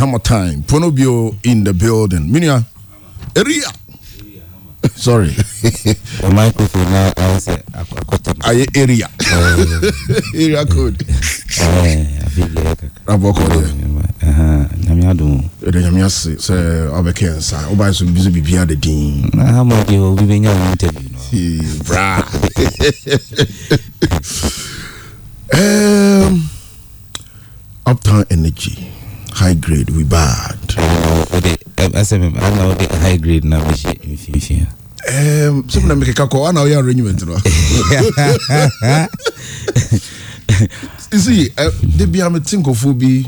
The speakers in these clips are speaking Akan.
hammer time. Ponobio in the building. Minia, area. Sorry. The microphone now, I said, I area. Area code. abɔkɔ dɛ nyamea dom ɛdɛ nyamea se sɛ wobɛkɛ nsa wobaɛ so bi so de din hama deɛ obi bɛnya wo interview no bra um, uptown energy high grade we bad. ana wode high grade na bɛhyɛ mfimfia sɛ mna mekeka kɔ ana woyɛ arrangement no see uh, de bia mete nkɔfoɔ bi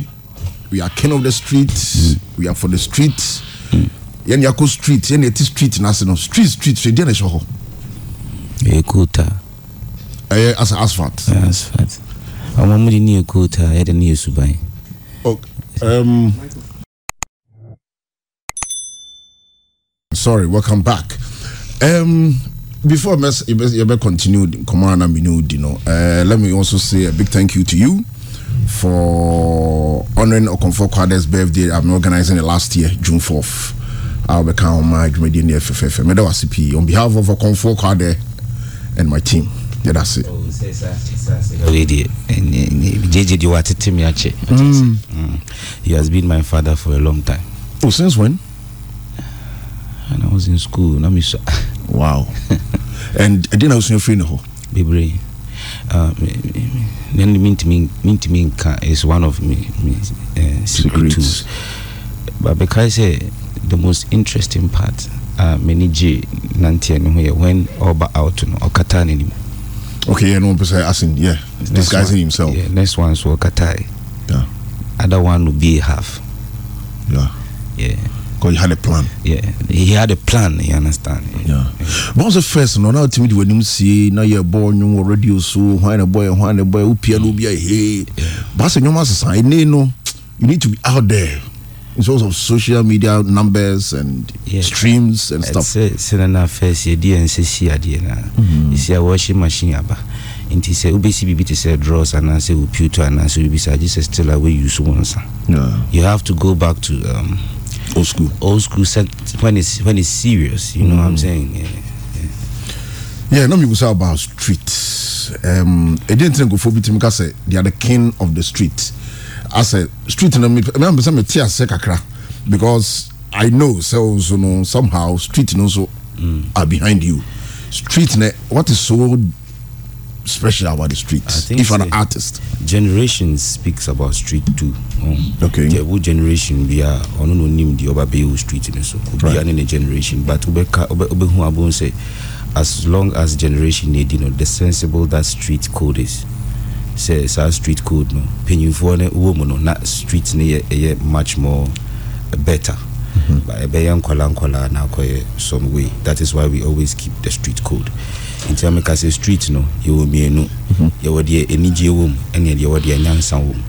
we are king of the street mm. we are for the street mm. yɛne yɛakɔ street yɛne yɛte street no ase no street street so ɛdeɛ na ɛhyɛ hɔ ɛkuta ɛyɛ asphalt asphalt ɔma mude ne yɛ kuta yɛde ne yɛ suban Um, sorry, welcome back. Um, before mess, you better continue. Komana Minoudi, You know, eh, let me also say a big thank you to you for honoring Okonfo Kwade's birthday. I'm organizing it last year, June 4th. I'll become my Jumedi in the FFF. On behalf of Okonfo Kwade and my team. yɛdase gyegye deɛ wɔatete me akye mm. mm. he has been my father for a long time oh, since when and I was in school na mesua wow and ɛdeɛ na wosua firi ne hɔ bebree then mintimi mintimi nka is one of me, me uh, secret tools but because sɛ eh, the most interesting part uh, mani gye nanteɛ no ho yɛ when ɔba out no ɔkata n'anim Okay, yeah, no, but I in, yeah, next disguising one, himself. Yeah, next one is Wakatai. Yeah. Other one would be half. Yeah. Yeah. Because he had a plan. Yeah, he had a plan. You understand? Yeah. yeah. But the first, no, now timid when you see now you're born, you're were radio so why a boy, why a boy, who piano be a hey. But I said, no, master, I know you need to be out there in terms of social media numbers and yeah. streams and stuff. sɛ uh, sɛnɛ na fɛ sɛdeɛ nsɛ si adeɛ na Isi a washing machine aba nti sɛ wobɛsi biribi te sɛ draws anaasɛ wo pewto anaasɛ biribi sɛ agye sɛ still a wɔuse wo nsa you have to go back to um, old school old school set when it's, when it's serious you know what i'm mm-hmm. saying yeah, yeah. yeah na about street um, ɛdeɛ ntina nkurɔfoɔ bi tumi ka sɛ they are the king of the street asɛ street na mi mi sɛ mi ti asɛ kakra because i know sɛ o nso no somehow street no nso mm. are behind you street ne, what is so special about the street if an artist. generation speaks about street too. Um, okay the whole generation bi a ɔno na onim di ɔba bɛyɛ o street ne so obi a ne ne generation but obɛka obɛ obɛhu abo n sɛ as long as generation na edi no the sensible that street code is sɛ saa street code no panyinfoɔ no wɔ mu no na street no yɛ ɛyɛ much more better ɛbɛyɛ nkɔla nkɔla na akɔyɛ some way that is why we always keep the street code nti ameka sɛ street no yɛwɔ mmienu yɛwɔ deɛ anigyeɛ wɔ mu ɛne deɛ yɛwɔ deɛ nyansa wɔ mu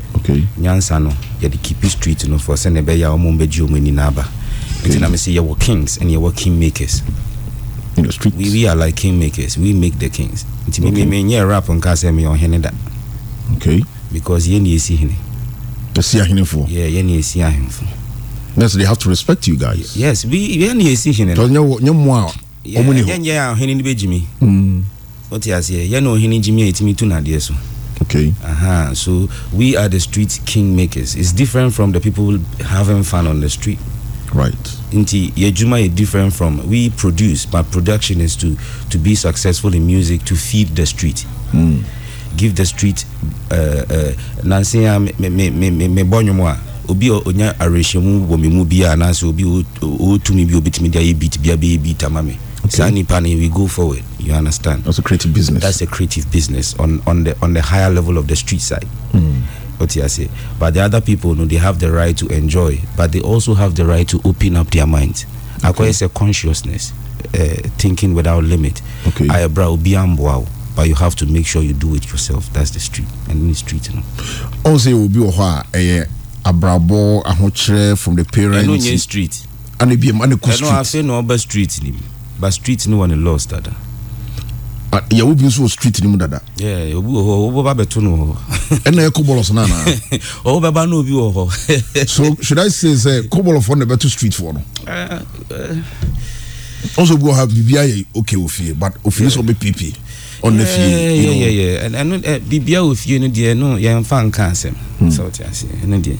nyansa no mm-hmm. yɛde keep street no fɔ sɛne ɛbɛyɛ a ɔma mbɛgye ɔmu ani no aba nti na mesɛ yɛwɔ kings ɛne yɛwɔ king makers we, we are like king makers we make the kings nti okay. memenyɛ rap nka sɛ meyɛ ɔhene da okay because yẹn ni esi hene. esi fo. yeah yẹn ni esi fo. yes they have to respect you guys. yes bi yẹn ni esi hene. tọ́ nye nye mu a ọmọ ni mm. hɔ. yẹn yẹn a ni bɛ jimi. o ti aseɛ yẹn na ọhene jimi a etimi tu n'adeɛ so. okay. Uh-huh. so we are the street king makers. it's different from the people having fun on the street. right nti yejuma is different from we produce but production is to to be successful in music to feed the street. Mm. give the street nansi ya mebɔ nwom a obi a onya wɔ me mu bi a nansi obi ɔtumi bi obɛtumi de ayɛ beat bia bɛyɛ beat ama me Okay. Sanipani, we go forward. You understand? That's a creative business. That's a creative business on, on the on the higher level of the street side. Mm. What I say. But the other people, know they have the right to enjoy, but they also have the right to open up their minds. Okay. Akwa is a consciousness, uh, thinking without limit. Okay. Ayabra ubiambo but you have to make sure you do it yourself that's the street and in the street you know also will be a ɛyɛ abrabɔ ahokyerɛ from the parents ɛnu nye street ɛnu bi ɛmu ɛnu ko street ɛnu afei na ɔba street ni ba street ni wɔn laws dada yàwó bi nso wɔ street ni mu dada. yɛ obi wɔ hɔ owó bá bɛ to no hɔ. ɛnna yɛ kóbɔlɔ sọ náà na. owó bɛ ba n'obi wɔ hɔ. so should i say sɛ kóbɔlɔ fɔ na bɛ to street fɔ no. ɔn so bi wɔ ha bibi ayɛ okay ofie but ofie sɔ bɛ pp ɔnna eh, fie ɛno eh, biribia wɔ fie no deɛ no yɛmfa nka asɛm hmm. sɛ wote ase ɛno deɛ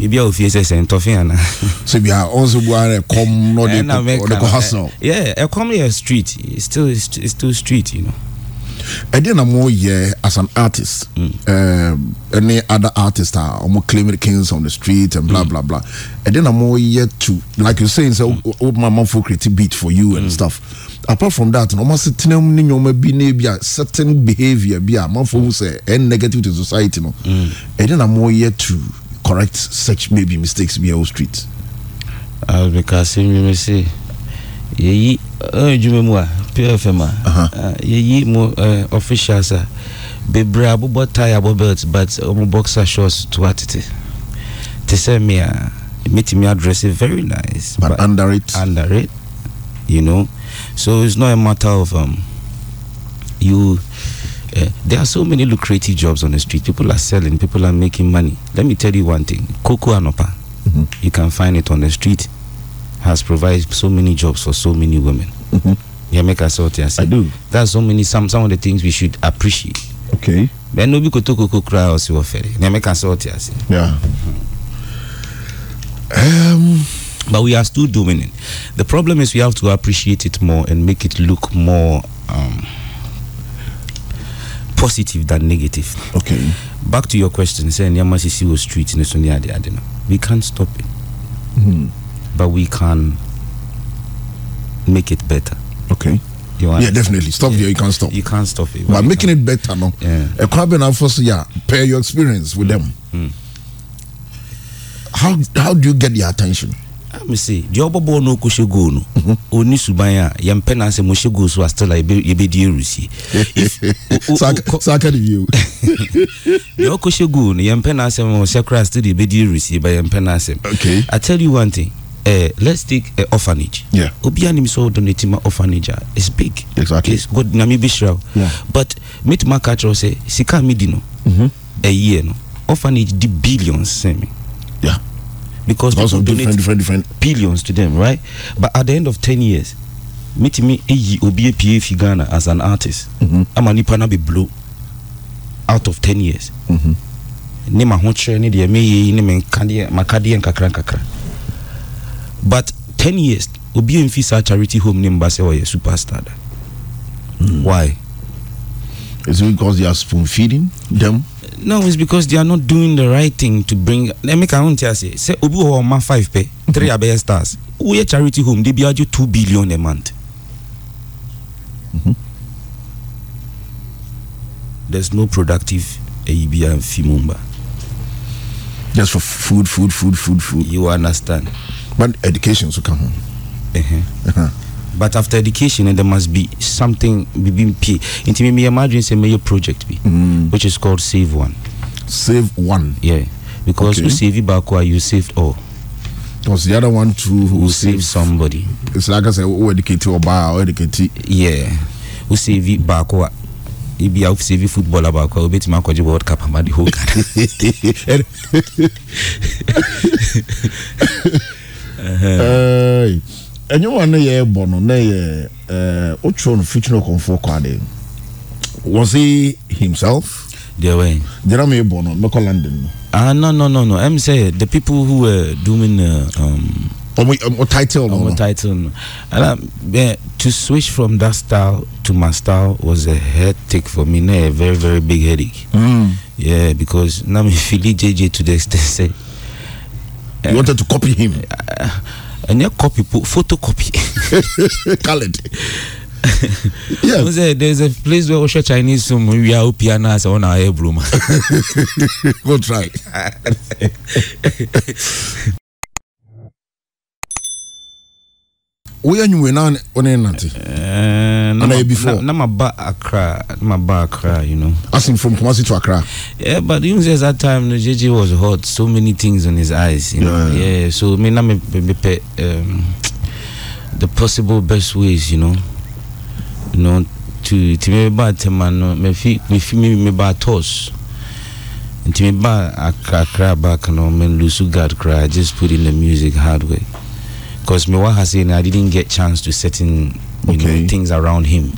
biribia wɔ fie sɛ sɛ ntɔfe ana sɛ bia ɔnso buara ɛkɔm na ɔde eh, kɔ hasnɔ yɛ ɛkɔm yɛ street still still street you know ɛdeɛ na moyɛ as an artist hmm. ɛne other artist a ɔmo claim the kings on the street and blah mm. blah blah ɛdeɛ na moyɛ to like you saying sɛ hmm. woma amanfoɔ create beat for you and mm. stuff apart from that na ɔmo ase tenam ne nneɛma bi na ebi a certain behaviour bi a man hu sɛ ɛn negative to society no ɛde na mo yɛ to correct such maybe mistakes bi ɛwɔ street. abikase mímu se yɛyi ɛn edwuma mu a pfm a yɛyi mu ɛ officials a bebree abobɔ tie abɔ belt but ɔmo boxer shorts to atete te sɛ mi a mi ti address it very nice. but, but under it under it you know. So it's not a matter of um, you. Uh, there are so many lucrative jobs on the street. People are selling. People are making money. Let me tell you one thing: cocoa anopa. Mm-hmm. You can find it on the street. Has provided so many jobs for so many women. Mm-hmm. Yeah, make us out here. I do. That's so many some some of the things we should appreciate. Okay. Then no because to cocoa cry or so fair. Yeah, make us out here. Yeah. Um but we are still doing it. The problem is we have to appreciate it more and make it look more um, positive than negative. Okay. Back to your question, saying Yamasisi street in the We can't stop it, mm-hmm. but we can make it better. Okay. You yeah, definitely. Stop yeah. there. You can't stop. You can't stop it. But making it better, no. Yeah. A crab and first yeah. Pair your experience with mm-hmm. them. Mm-hmm. How how do you get their attention? mese deɛ ɔbɔbɔ no ɔkɔhyɛ goal no ɔni mhm. suban a yɛmpɛ na sɛ mohyɛ goal so a still a yɛbɛdi arusie deɛ ɔkɔhyɛ goal no yɛmpɛ na asɛm ɔhyɛ kora still yɛbɛdi arusie ba yɛmpɛ na asɛm okay. i tell you one thing uh, let's take uh, orphanage yeah. obia nim sɛ wodonate ma orphanage a It's big exactly. is god nyame bɛhyira wo but metuma ka kyerɛ eh, sɛ sika medi no ɛyiɛ mm-hmm. no orphanage di billions sɛ yeah. because Lots people donate different, different. different. billions to them, right? But at the end of 10 years, meet me eyi obi apie fi Ghana as an artist. Mm-hmm. Ama be blue out of 10 years. Mm-hmm. Ne ma ho kyerɛ ne deɛ meyɛ ne me nkadeɛ makadeɛ But 10 years obi mfi saa charity home ne Basel or a superstar Mm-hmm. Why? Is it because they are spoon feeding them? no it's because they are not doing the right thing to bring emeka ahuntia say say obi wɔ hɔ ɔma five pɛ three abɛyɛ stars woyɛ charity home de bi agye two billion a month mm-hmm. there's no productive eyi bi a e nfi just for food food food food food. you understand. but education nso ka ho. but after education and there must be something being me imagine say major project be mm. which is called save one save one yeah because okay. you save back you saved all because the other one too who, who somebody it's like i said we educate or buy or educate yeah who save it back ebi a wofi football abaako a obetumi akɔgye world cup ama de whole ghana ɛnyɛ wɔn eh, no yɛ bɔ no na yɛ ɛɛ otro no fitina okonfo kwade was he himself. deɛ wɛn. deɛ mi bɔ no mɛkɔ london. ah no no no no I'm sɛ the people who were doing. the uh, um, ọmọ ọmọ title no. ọmọ title no and uh, to switch from that style to my style was a headache for me na a very very big headache. Mm. yeah because na mi fili jeje to the extent say. Uh, wanted to copy him. Uh, your copy put photocopy. colored. yeah. Say, there's a place where share Chinese from we are piano as on our air broom. Go try. woyɛ anwummerɛ na wone nante eh, anayɛ before na maba akra na maba akra you know as in from Kumasi to Accra yeah but you know that time no JJ was hot so many things on his eyes you know yeah, yeah so me na me mepɛ um, the possible best ways you know you know to to me ba tema no me fi me fi me me ba toss nti me ba akra akra back no me lose guard cry just put in the music hard way Because Mewa said I didn't get chance to certain you okay. know, things around him.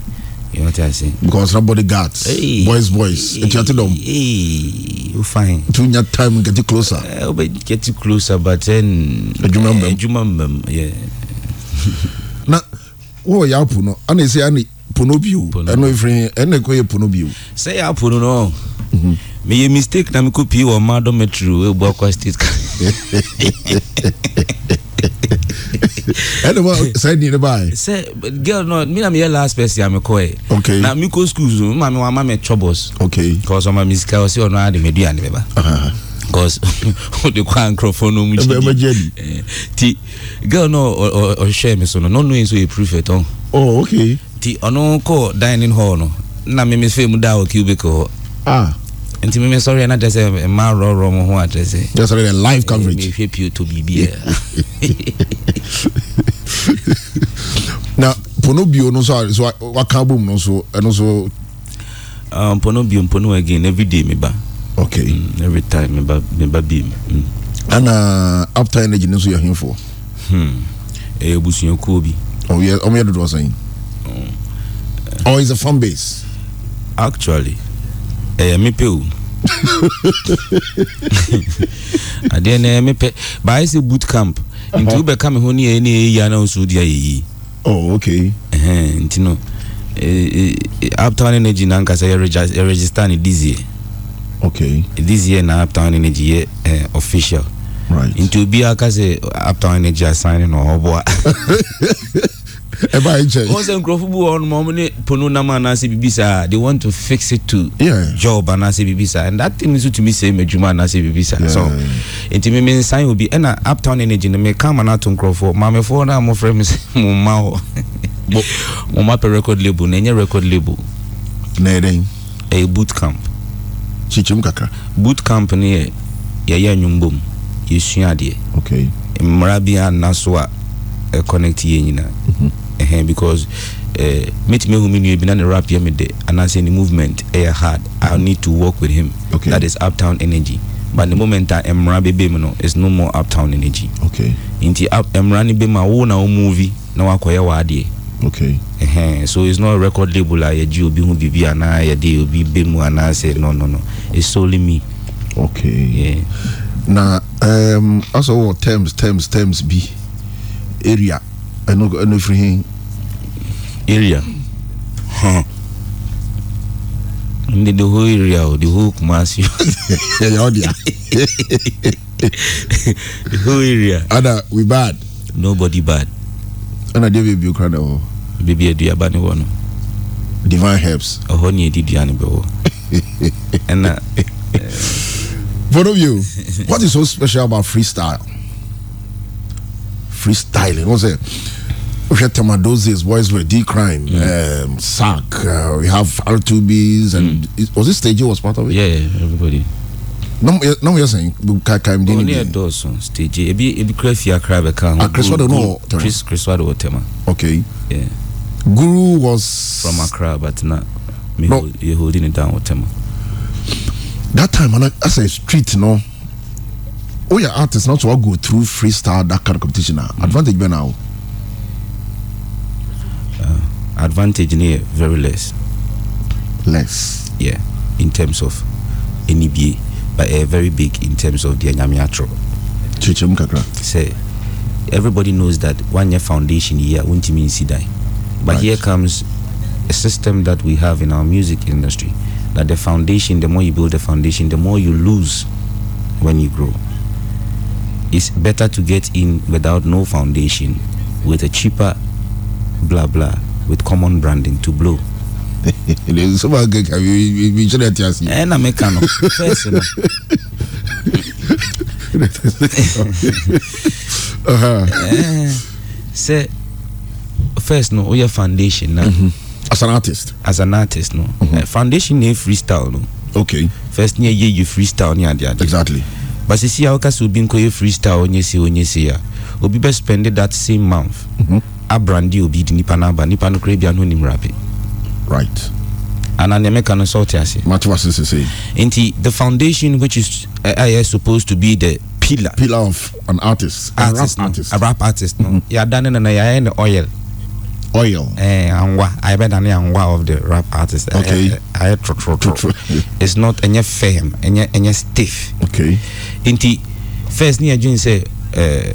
You know what I'm saying? Because nobody bodyguards, hey, boys, boys. Hey, Etiate Hey, you fine. To your time, get you closer. Uh, but get you closer, but then. Ejuma mbem. Uh, eh, Ejuma mbem, yeah. na wo ya puno ana ese ana puno bio ɛno efiri ɛna ekɔ yɛ puno bio. sɛ yɛ apuno no mhm. meyɛ mistake na mekɔ pii wɔ ma dormitory ebu akwa state. ɛna wa sɛ ni ne ba ye. sɛ girl no mi na mi yɛ last person a mi kɔ ye. ok na mi ko school zun maa mi wa maa mi troubles. ok cause ɔma mi sika ɔsi ɔno adi mi du yanni bɛ ba. cause o de kɔ ankorɔfo no mu jidi. ɛbɛ ɛbɛ jɛ di. ti girl no ɔhwɛ mi so no n'ɔnu yin so ye prefect ɔn. Oh. oh ok. ti ɔno kɔ dining hall no na mi mi fɛ mu da o cubicle ah nti mímí sọrọ yẹn n'adẹsẹ ẹ máa rọrọ mo ho adẹsẹ. just sọrọ yẹn live coverage. mi hwẹ pio to biribi yẹ. na pono bio no nso so waka abom no so. ɛno nso. Um, pono bio pono again every day mi ba. okay mm, every time mi ba mi ba bi mi. Mm. ana after energy no nso yɛ hinfo. Hmm, ɛyɛ busuakuo bi. Oh, ɔmo yɛ dodoɔ sɛn. oh eh. it's a fan base. actually ɛyɛ mepɛ o adeɛ no mepɛ baayɛ sɛ boot camp nti wobɛka me ho ne yɛɛ ne ɛyɛ na wo so wodi ayɛ oh, okay. nti no e, e, e, uptown energy na yɛregister ne this year na uptown energy yɛ official nti obiaa ka sɛ uptown energy asane no ɔboa ẹ bá yẹn jẹ. wọn sẹ nkurọfo bu ọhún mọ ní pono nam anase bibi sa they want to fix it to yeah. job anase bibi sa and that thing nso tumi sẹ ẹmẹ juma anase bibi sa yeah. so nti mi mi nsan obi ẹna uptown energy ni mi kama na to nkurọfo maamefo náà mo fẹ mi sẹ mo ma họ mo ma pẹ record label na ẹ nye record label. na ẹ dẹ́yìn. ẹ yẹ boot camp. kyikyim kakra. boot camp ni yẹ yẹ yẹ ẹnyọmbom yẹ sua adeɛ. okay. mmara bi a nna a ɛ connect yɛ nyinaa ɛhɛn because ɛɛ mɛtumi ehu mi nua bi na ne rap yɛ mi de anaasɛ ne movement ɛyɛ eh, hard i need to work with him okay. that is uptown energy but the moment a mmara bebe mu no is no more uptown energy okay. nti up mmara ne bebe mu a wo na wo movie na wakɔyɛ w'adeɛ okay. Uh-huh. so it's not a record label ah, a yɛgye obi ho biribi anaa yɛde obi be mu anaasɛ e, no no no it's solely me okay. yeah. na um, asɛ wɔ terms terms terms bi area ɛno ɛno firi hin. area ndi the whole area o the whole kumasi. ɛyà ɔdi a. the whole area. ana we bad. nobody bad. ɛna deɛ beebi okura na ɛwɔ. beebi aduaba ne wɔ no. divine herbs. ɔhɔ ni edi dua ne bɛ wɔ. ɛna. both of you what is so special about freestyle freestyling. What's it? Dozes, boys were decrying, mm. um, sack. Uh, we have R2Bs, and mm. was this stage was part of it? Yeah, yeah everybody. No, mo yɛ sɛn kakan den bi. ɔne yɛ dɔɔso stage ebi ebi kura fi akra bɛ kan. a ah, kiriswa de n'o tɛmɛ chris kiriswa de o okay yeah. guru was. from akra but na mi no. ye holding it down o tɛmɛ. that time ana as a street you no. oh yeah artists not to all go through freestyle that kind of competition now ah, hmm. advantage be now uh, advantage near very less less yeah in terms of NBA but uh, very big in terms of the nyamiatro say everybody knows that one year foundation year won't mean see die but right. here comes a system that we have in our music industry that the foundation the more you build the foundation the more you lose when you grow it's better to get in without no foundation, with a cheaper blah blah, with common branding to blow. nsọba keka mi nkyɛn ɛte ase. ɛn na meka sɛ uh-huh. eh, first no woyɛ oh, foundation na. Mm-hmm. as an artist. as an artist no. Mm-hmm. Uh, foundation ne eh, yɛ freestyle no. okay. first ne yɛ yɛ freestyle ne adi adi. exactly. but sisi a woka sɛ obi nkɔyɛ freestyle ɔnyɛ se ɔnyɛ se a obi bɛ spend that same month mm-hmm. abrande obi di nipa no aba nipa no koraa bia no nim rape right ana nea meka no sɛ wote ase mate wase sesei nti the foundation which is ɛyɛ uh, eh, eh, supposed to be the pillar pillar of an artist, artist a rap artist no mm -hmm. yɛadane no na yɛayɛ ne oil oil. Eh, angwa. I bet any angwa of the rap artist. Eh, okay. Eh, I eh, tro tro It's not any firm, any any stiff. Okay. Inti first ni adwin say eh,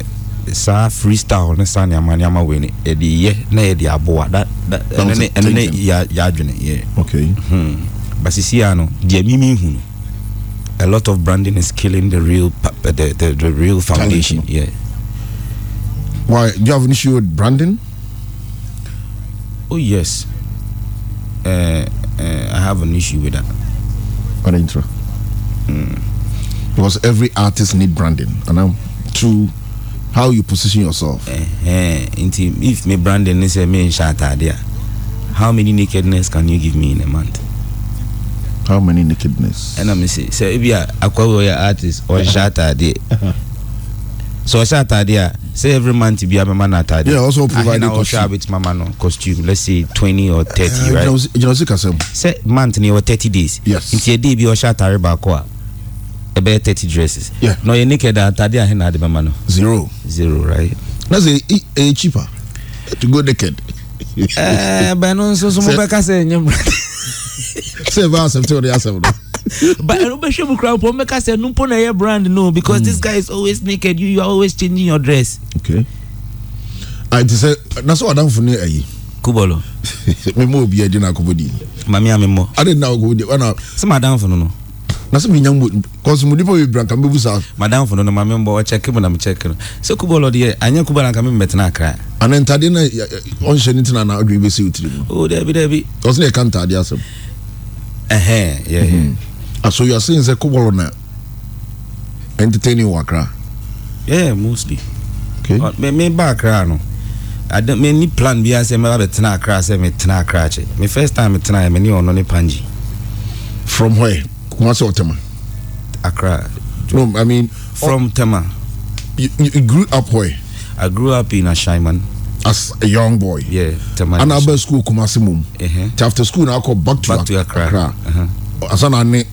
sa freestyle ne saa nneɛma nneɛma we ni e di ye na e yɛde aboa that. da ɛne ne ɛne ya ya yɛadwene yɛ. okay. Hmm. basisi ano deɛ mimi hu no a lot of branding is killing the real the the, the real foundation. Yeah. Why do you have an issue with branding? Oh yes. Uh, uh, I have an issue with that. An intro. Mm. Because every artist need branding, and I'm to how you position yourself. Uh, uh, if me branding is a me shatta idea, how many nakedness can you give me in a month? How many nakedness? And I'm say, so if you are a artist or shatta there. so ɔhyɛ ataade a say every month bi abɛma no ataade yeah, also provide ahena ɔhwɛ a bɛtumi no costume let's say twenty or 30 uh, right gyina se kasɛm sɛ month no yɛwɔ thirty days yes. nti ɛdei bi ɔhyɛ atare baako a ɛbɛyɛ thirty dresses yeah. na ɔyɛ naked a ataade ahena ade bɛma no zero zero right na sɛ ɛyɛ cheaper to go naked ɛɛ eh, bɛno nso so mobɛka sɛ ɛnyɛ mu sɛ ɛbɛ asɛm te wɔde asɛm no but Arubashebu crowd for make us say Numpo na your brand no because mm. this guy is always naked. You you are always changing your dress. Okay. Ah, I just say that's what I'm for near ayi. Kubolo. Memo bi edi na kubodi. Mami amemo. I didn't know kubodi. Wana. Se madam for no. Na se minya mu cause mu dipo bibran kan bebu sa. Madam for no mami mbo check mu na me check no. Se kubolo de anya kubala kan me metena akra. Ana ntade na on hye ni tina na odwe be si utiri mu. Oh, debi debi. Cause na e kan tade asem. Eh eh, yeah yeah. Mm -hmm. Uh, so you are saying Zekubolo now entertaining Wakra? Yeah, mostly. Okay. But me, me Bakra no. I don't me ni plan bi ase me ba betena Accra se me tena Accra che. Me first time me tena me ni ono ni panji. From where? Kumasi or Tema? Accra. No, I mean oh. from Tema. You, you, grew up where? I grew up in Ashaiman. as a young boy. Yeah, Tema. And I school Kumasi mum. Uh -huh. After school na I go back to back To Accra. Uh -huh. Asana ani.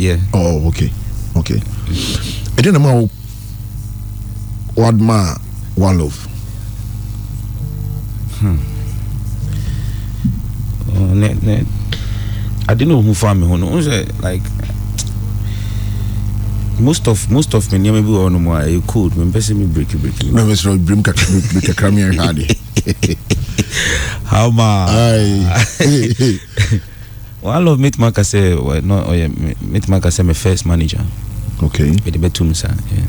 Yeah. Oh, okay. Okay. I didn't know what ma one love. Hmm. Oh, ne, ne. I didn't know who found me. Who like most of most of me near me be on my you could me person me break break no me so brim ka break ka kram here hadi how ma Well, I love meet Mark well, no, oh yeah, meet Mark my first manager. Okay. With the Betum sir. Yeah.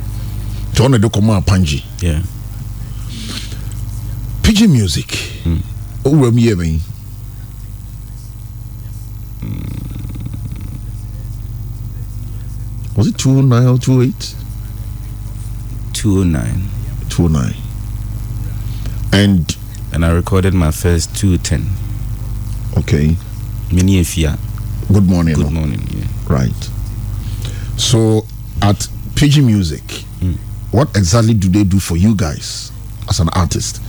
John Edokoma Panji. Yeah. PG Music. Oh, where me me. Was it 209 or 28? 209. 209. And and I recorded my first 210. Okay. Many Efia. Good morning. Good morning. Yeah. Right. So at PG Music, mm. what exactly do they do for you guys as an artist?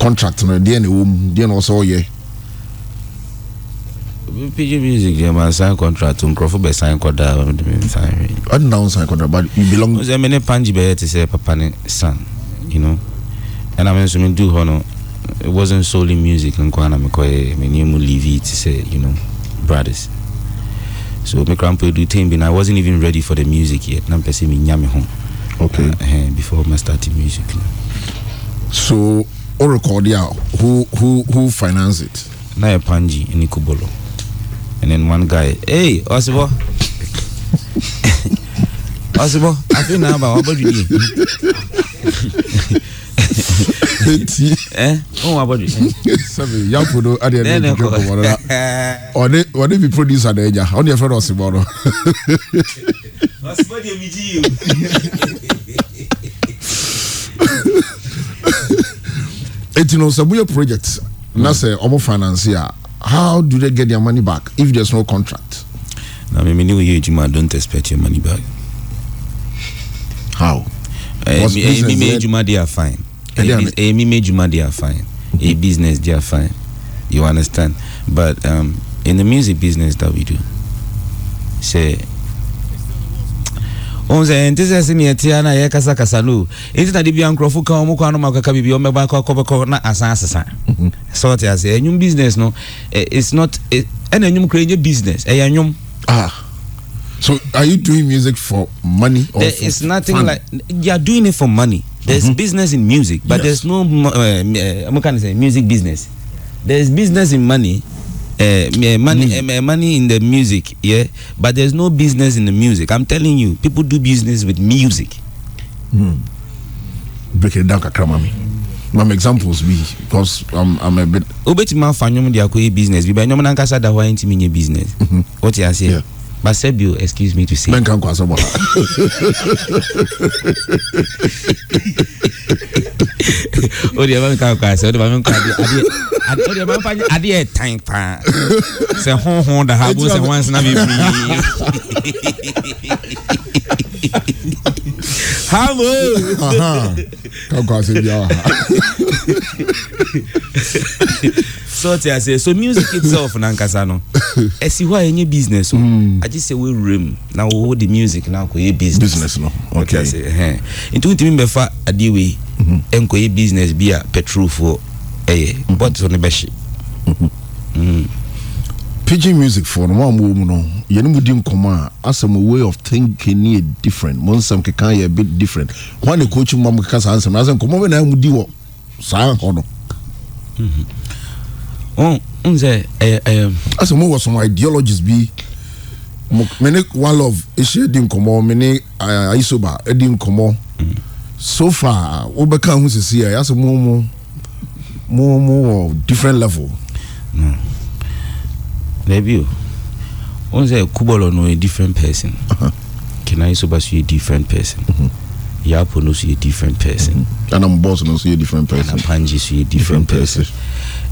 Contract no deɛ na wɔm deɛ na ɔsɛ ɔyɛ. PG Music deɛ ma sign contract nkurɔfo um, bɛ sign kɔda de mi sign hwɛ. ɔdi na ɔn sign kɔda but you belong. ɔsɛ mi ne panji bɛyɛ ti sɛ papa ne son you know ɛna mi nso mi du hɔ no it wasn't solely music and nkwana mekɔyɛ menneɛ mu levi to say you know brothers so me kora do ɛdu tam i wasn't even ready for the music yet na mpɛ sɛ menya me ho okay. uh, uh, before ma start music so o record ya who who who finance it na yɛ panji ne kubolo and then one guy hey ɔsebɔ ɔsebɔ afei na aba you? eti ɛ ɔn wa bɔ de. sɛbi yanko do adi yɛ ne jɔ kɔmɔ la ɔne ɔne bi producer de nya ɔne yɛ fɛn dɔ ɔsibɔ no. ɔsibɔ de mi ji yi o. eti no sɛ mo yɛ project na sɛ ɔmo finance a how do they get their money back if there is no contract. na mi mi ni o ye ejuma don't expect your money back. how. Uh, me, me, me, me, me, me, me, èmi méjìmá they are fine a business they are fine you understand but um, in the music business that we do say ohun sɛ nti sɛ se neɛ tea no a yɛkasakasa no ɛnti na de bia nkurɔfo ka ɔmo kɔa no ma kaka ɔmɛba kɔbɛkɔ na asa asesa sɛ wote ase ɛnwom business no it's not ɛna ɛnwom kora ɛnyɛ business ɛyɛ nwom ah. So, are you doing music for money or there for is nothing fun? like you are doing it for money. There's mm -hmm. business in music, but yes. there's no uh, what can I say music business. There's business in money. Uh, uh money, mm. uh, uh, money in the music, yeah, but there's no business in the music. I'm telling you, people do business with music. Mm. Break it down, kakra, mami. Mam examples bi because I'm, I'm a bit. Obetuma fa nyom di akoye business bi ba nyom nankasa da hɔ ayɛ ntumi business. Mm-hmm. What you say? Yeah but Sebio, excuse me to say. Menka kwa somo. O de menka kwa se, o de menka adi adi o de menka adi e time pa. Se hon hon da habo se once na be free hamo. kankan ase bi awa ha. so ti ase so music itself nankasa no esi hɔ a yɛnyɛ business o agye sɛ wɔwura mu na wɔwɔ de music na akɔ yɛ business. business no okay nti wuntumi mbɛfa adeɛ wei nkɔ yɛ business bi a petrol foɔ ɛyɛ bɔtɔ ne bɛ hye. Mm-hmm. Mm pidgin music for no one woman no yɛn mu di nkɔmɔ a asɛm way of thinking ne yɛ different mo nsɛm keka yɛ a bit different wɔn na coach mu ma keka saa nsɛm na asɛm nkɔmɔ bɛ na mu di wɔ saa hɔ no. ɔn n sɛ ɛɛ ɛɛ. asɛm mo wɔ some ideologies bi mo mene one love ehyia di nkɔmɔ mene ayisoba edi nkɔmɔ uh, so far wobɛka ho sisi a yasɛ mo mo mo mo wɔ different level. Mm. Debbie, once a Kubolo no a different person. Uh-huh. Can I a different person? mm Yapo no see a different person. Mm-hmm. boss no see a different person. And I'm Panji see a different, person.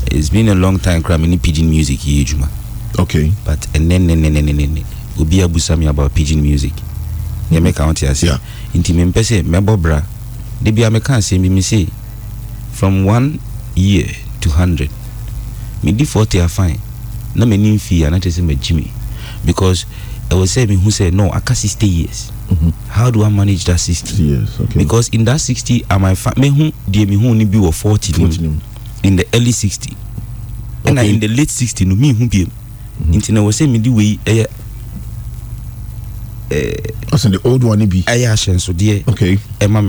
It's been a long time cramming pidgin music here, Juma. Okay. But and eh, then, then, then, then, then, then. obi abusa mm-hmm. me about pidgin music yɛ mɛka wɔn te ase nti mempɛ sɛ mɛbɔ bra de bia mɛka asɛm bi mi se from one year to hundred medi forty afan na m'ani mfi anakyɛ sɛ magyi me because ɛwɔ sɛ mehu sɛ no aka sixty years mm -hmm. how do i manage that sixty? okay. because in that 60 ama fa mehu deɛ mehu no bi wɔ 40 nim in the early sixty, okay. ɛna in the late sixty, no mehu biam mm -hmm. nti na ɛwɔ sɛ mede wei ɛyɛ eh, eh, the old one bi ɛyɛ ahyɛnsodeɛ ɛma okay.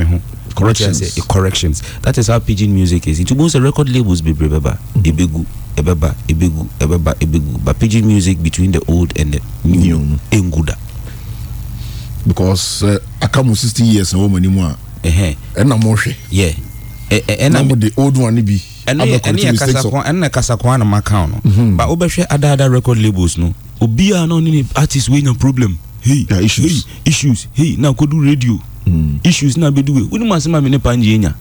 me corrections say, corrections that is how pidgin music is It ń sẹ record labels bèbèrè bẹ́ẹ̀ bá ebegu ebeba ebegu ebeba ebegu but pidgin music between the old and the new enguda. because uh, aka mu 60 years e, e, e, na wọ́n mọ̀ Eh. mu a ɛna mo hwɛ ɛna mo the old one bi ɛne yɛ kasakwan ɛne yɛ kasakwan na ma kan no mm-hmm. but ada ada record labels no obiara na ni ne artist wey nya problem hey yeah, issues hey issues hey na kodu radio mm. issues na bedu we woni ma se ma me nipa nje nya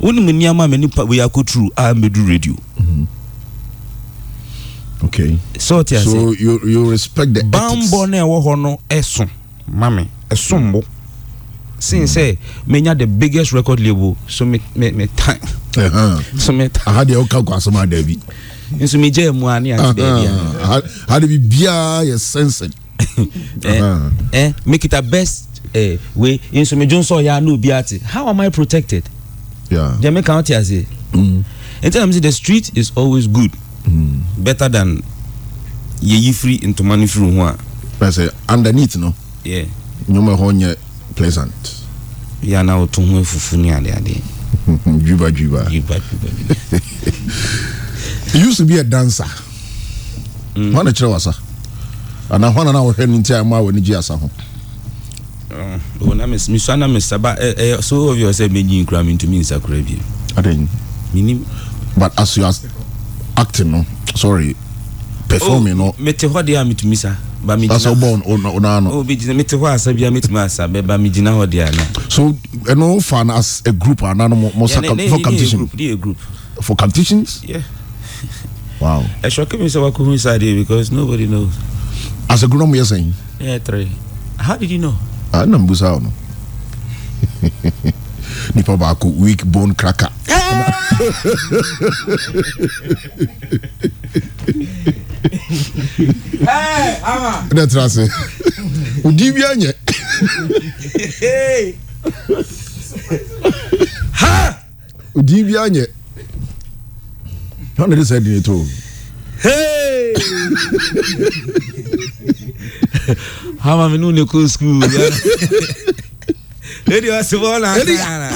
woni me nia ma me nipa we akotru a medu radio mm. okay so ti ase so you you respect the bambo na ɛwɔ hɔ no ɛso mami ɛso mbo since hmm. sɛ menya the biggest record label so me me me time uh-huh. so me time aha deɛ ɔka kɔ asoma dabi nso me gya emu ani ati dabi Ah, uh-huh. aha de bi biara yɛ sensing Eh, uh-huh. eh, make it a best eh, way nsọmọdun sọ ya no be ati how am i protected Yeah. mi kan ti ase In terms of the street is always good mm. better than ye free into money from one. I say underneath no. Yeah. nyɔma hɔ nyɛ pleasant. ya na o tun ho efufu ni ade ade. juba juba. juba juba. you used to be a dancer. Mm. wọn na kyerɛ wasa ana hɔ na na wɔhwɛ nti a ɛma gye asa ho. wọn eh, oh, na mi eh, eh, so obvious sẹ mi nkura mi ntumi nsakura bi. adeyin mi but as you are acting no sorry performing oh, no. mi ti hɔ de a mi tumi sa. ba mi gyina asɔ bɔn hɔ asa bi a mi tumi asa bɛ ba mi gyina hɔ de ana. so ɛnu fan as a group ana ah, no mo for competition. for competitions. yeah. wow. ɛ sɔ kí mi sọ wa because nobody knows as a grown man saying yeah three how did you know ah na mbusa no nipa baako weak bone cracker Hey, Ama. ne tena ase wodi bia nyɛ wodi bia nyɛ hɔ ne de sɛ de ne too hama mi n'u ne ko sukuu e de y'a sebo ọ̀la ara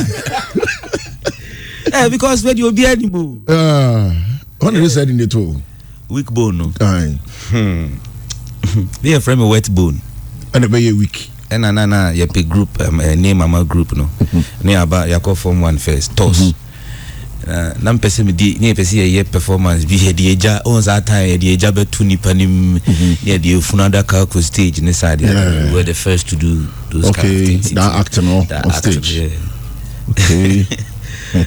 ẹ because wẹ́n di obi ẹ̀ nìbo. wọ́n nana sẹ́ni ní tó. weak bone no. bí yẹ fẹ́ mi wet bone. ẹnna bẹ yẹ weak. ẹnna eh, nana yẹ pe group um, uh, name ama group no ní aba yakọ form one first toss. Mm -hmm. Eh, na mpɛ sɛ mede ne yɛpɛ sɛ yɛyɛ performance bi yɛde agya ɔhu saa time yɛde agya bɛto nnipa no mu ne mhm. yɛde ɛfunu adaka kɔ stage ne saa deɛ were the first to do those okay, kind of things that act no that on stage okay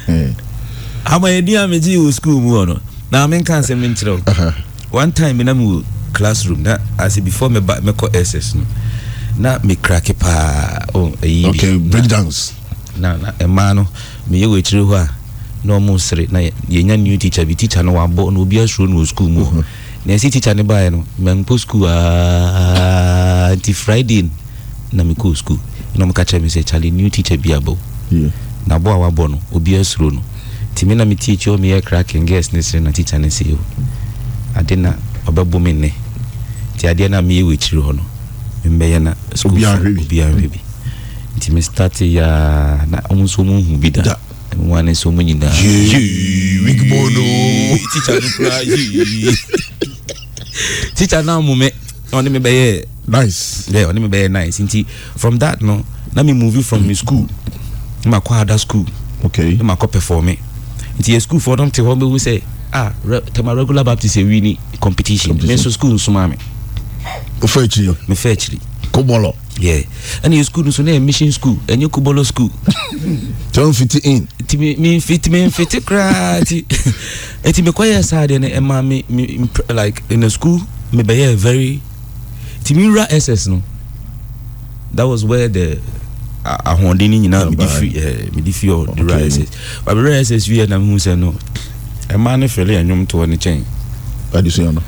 ama yɛdi a megye wɔ school mu hɔ no na menka sɛ menkyerɛ wo one time bi na mewɔ classroom na ase before meba mɛkɔ ss no na mekrake paa ɛyi oh, e okay, breakdowns na na ɛmaa e no meyɛ wɔ akyire hɔ a na ɔmo sere na yɛnya new teacher bi teacher no wabɔ na obi asuro no wɔ school mu na ɛsi teacher ne baeɛ no mankɔ school aa uh, nti friday na mi mekɔɔ school na ɔmo ka kyerɛ me sɛ kyale new teacher bi abɔ na bɔ a wabɔ no obi asuro no nti me na mi me teacher ɔmeyɛ cracking girls ne sere na teacher ne sɛ o ade na ɔbɛbo me nnɛ nti adeɛ no a meyɛ wɔ akyiri hɔ no mbɛyɛ na school obiara hwɛ bi nti me start yaa na ɔmo nso ɔmo hu bi da wane so mu nyinaa wigbono teacher no kora teacher no amu me ɔne me bɛyɛ nice yeah ɔne me bɛyɛ nice nti from that no na me movie from me school ne ma kɔ ada school okay ne ma kɔ performe nti yɛ school fɔ dɔm te hɔ bɛhu sɛ ah re, tema regular baptist ewi ni competition me nso school nsoma me. o fɛ akyiri o me fɛ akyiri. Kobolo. Yeah. And your school so near mission school and your Kobolo school. Don't fit in. Timi me fit me fit crati. Eti eh, me kwaya side and Emma me like in the school me be very Timi ra SS no. That was where the ahoɔden eh, eh, no nyinaa mede fi mede fi ɔdura ss babrɛ ss wie na mehu sɛ no ɛma no fɛle ɛnwom toɔ no kyɛn adesuano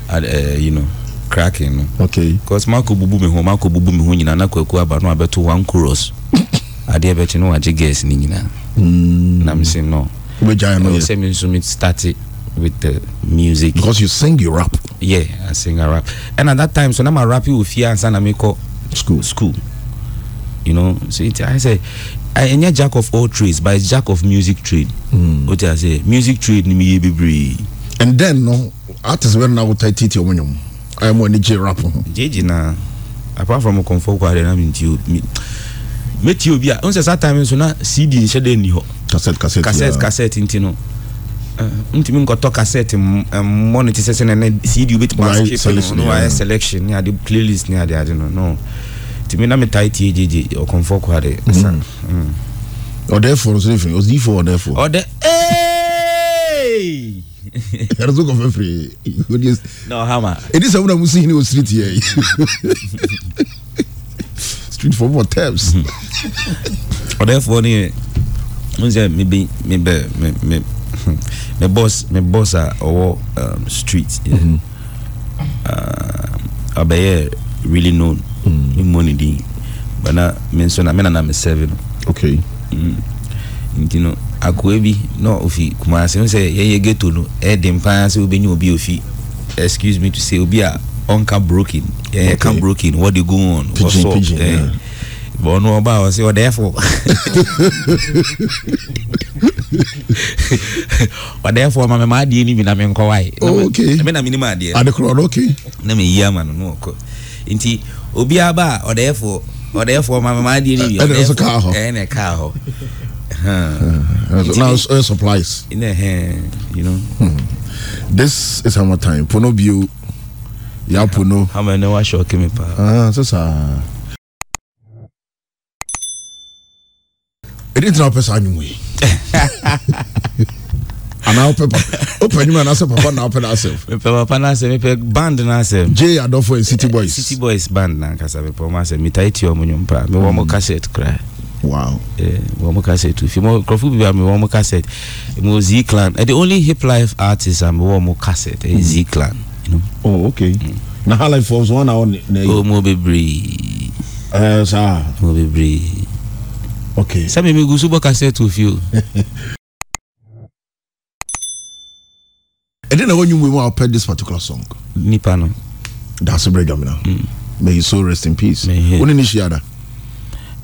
you know cracking okay because Marco bubu me ho mako bubu me ho nyina na kwaku aba no abeto one cross adeɛ bɛkye no wagye gas ne nyinaa mm. na mese no sɛ me nso me started with the music because you sing you rap yeah i sing i rap and at that time so na ma rap wɔ fie ansa na mekɔ school school you know so it, i say a jack of all trades but it's jack of music trade mm. I say, music trade ni meyɛ and then no artists wɛno na wotɔ titi ɔmo ɛyɛ mo ani gye rap ho. gyeegye na apart from kɔnfɔ kɔ adi na mi ti o mi mi ti o bi a n sɛ saa time nso na cd nhyɛ de ni hɔ. cassette cassette cassette cassette nti no ntumi nkɔtɔ cassette mmɔ ne ti sɛ sɛ na cd bi ti ma skip no wayɛ selection ne ade playlist ne ade ade no no tìmí náà mi ta ti gyegye ɔkɔnfɔ kɔ adi. ɔdɛ fɔ nso ne ɔdɛ fɔ. ɔdɛ ee yɛre so kɔfɛ firi na ɔhama ɛdi sɛ wona mu si hene ɔsiri tiɛ street for more terms ɔdɛfoɔ ne n sɛ mebe mebɛ me me boss me boss a ɔwɔ um, street yeah. mm really known me mmɔ ne din bana me nso na me nana me sɛve no okay mm. nti akoa bi na ofi kumase sɛ yɛyɛ ghetto no ɛden paa sɛ wobɛnya obi ofi excuse me to say obi a ɔnka broken yɛyɛ ka broken what dey go on pidgin What's pidgin eh. yeah. bɔn ɔno ɔba ɔsɛ ɔdɛ fo ɔdɛ fo ɔma mɛ maa deɛ ni bi na mɛ nkɔ wa ɛmɛ na mi ni maa deɛ adekorɔ ɔdɔ okay na mɛ yi ama no no ɔkɔ nti obi aba ɔdɛ fo ɔdɛ fo ɔma mɛ maa deɛ ni bi ɔdɛ fo ɛna ɛka hɔ now it's uh, supplies. In a hand, you know. Hmm. This is how much time. Puno bio. Ya pono. How many hours show came pa? Ah, so sa. It is not person anyway. And now papa wopɛ anim anaasɛ papa na wopɛ n'asɛm. mepɛ papa n'asɛm mepɛ band now say. jay adɔfo ye city eh, boys. city boys band n'ankasa mepɛ ɔmo asɛm mita eti ɔmo nyompa mewɔ ɔmo cassette cry wow wɔn eh, mo cassette tu fi mo nkurɔfo bi a mi wɔn cassette mo z clan the only hip life artist a mi cassette ɛyɛ eh, hmm. z clan. You know? oh okay mm. na high life forms wɔn na wɔn na yi. o oh, mo bebree. ɛɛ eh, saa. mo bebree. okay sami mi gu so bɔ cassette tu fi o. ɛdi na wɔnyi mu mu a wɔpɛ this particular song. nipa no. daasi bere gamina. Mm. may he so rest in peace. may he. wọ́n ní ní ṣe yàrá.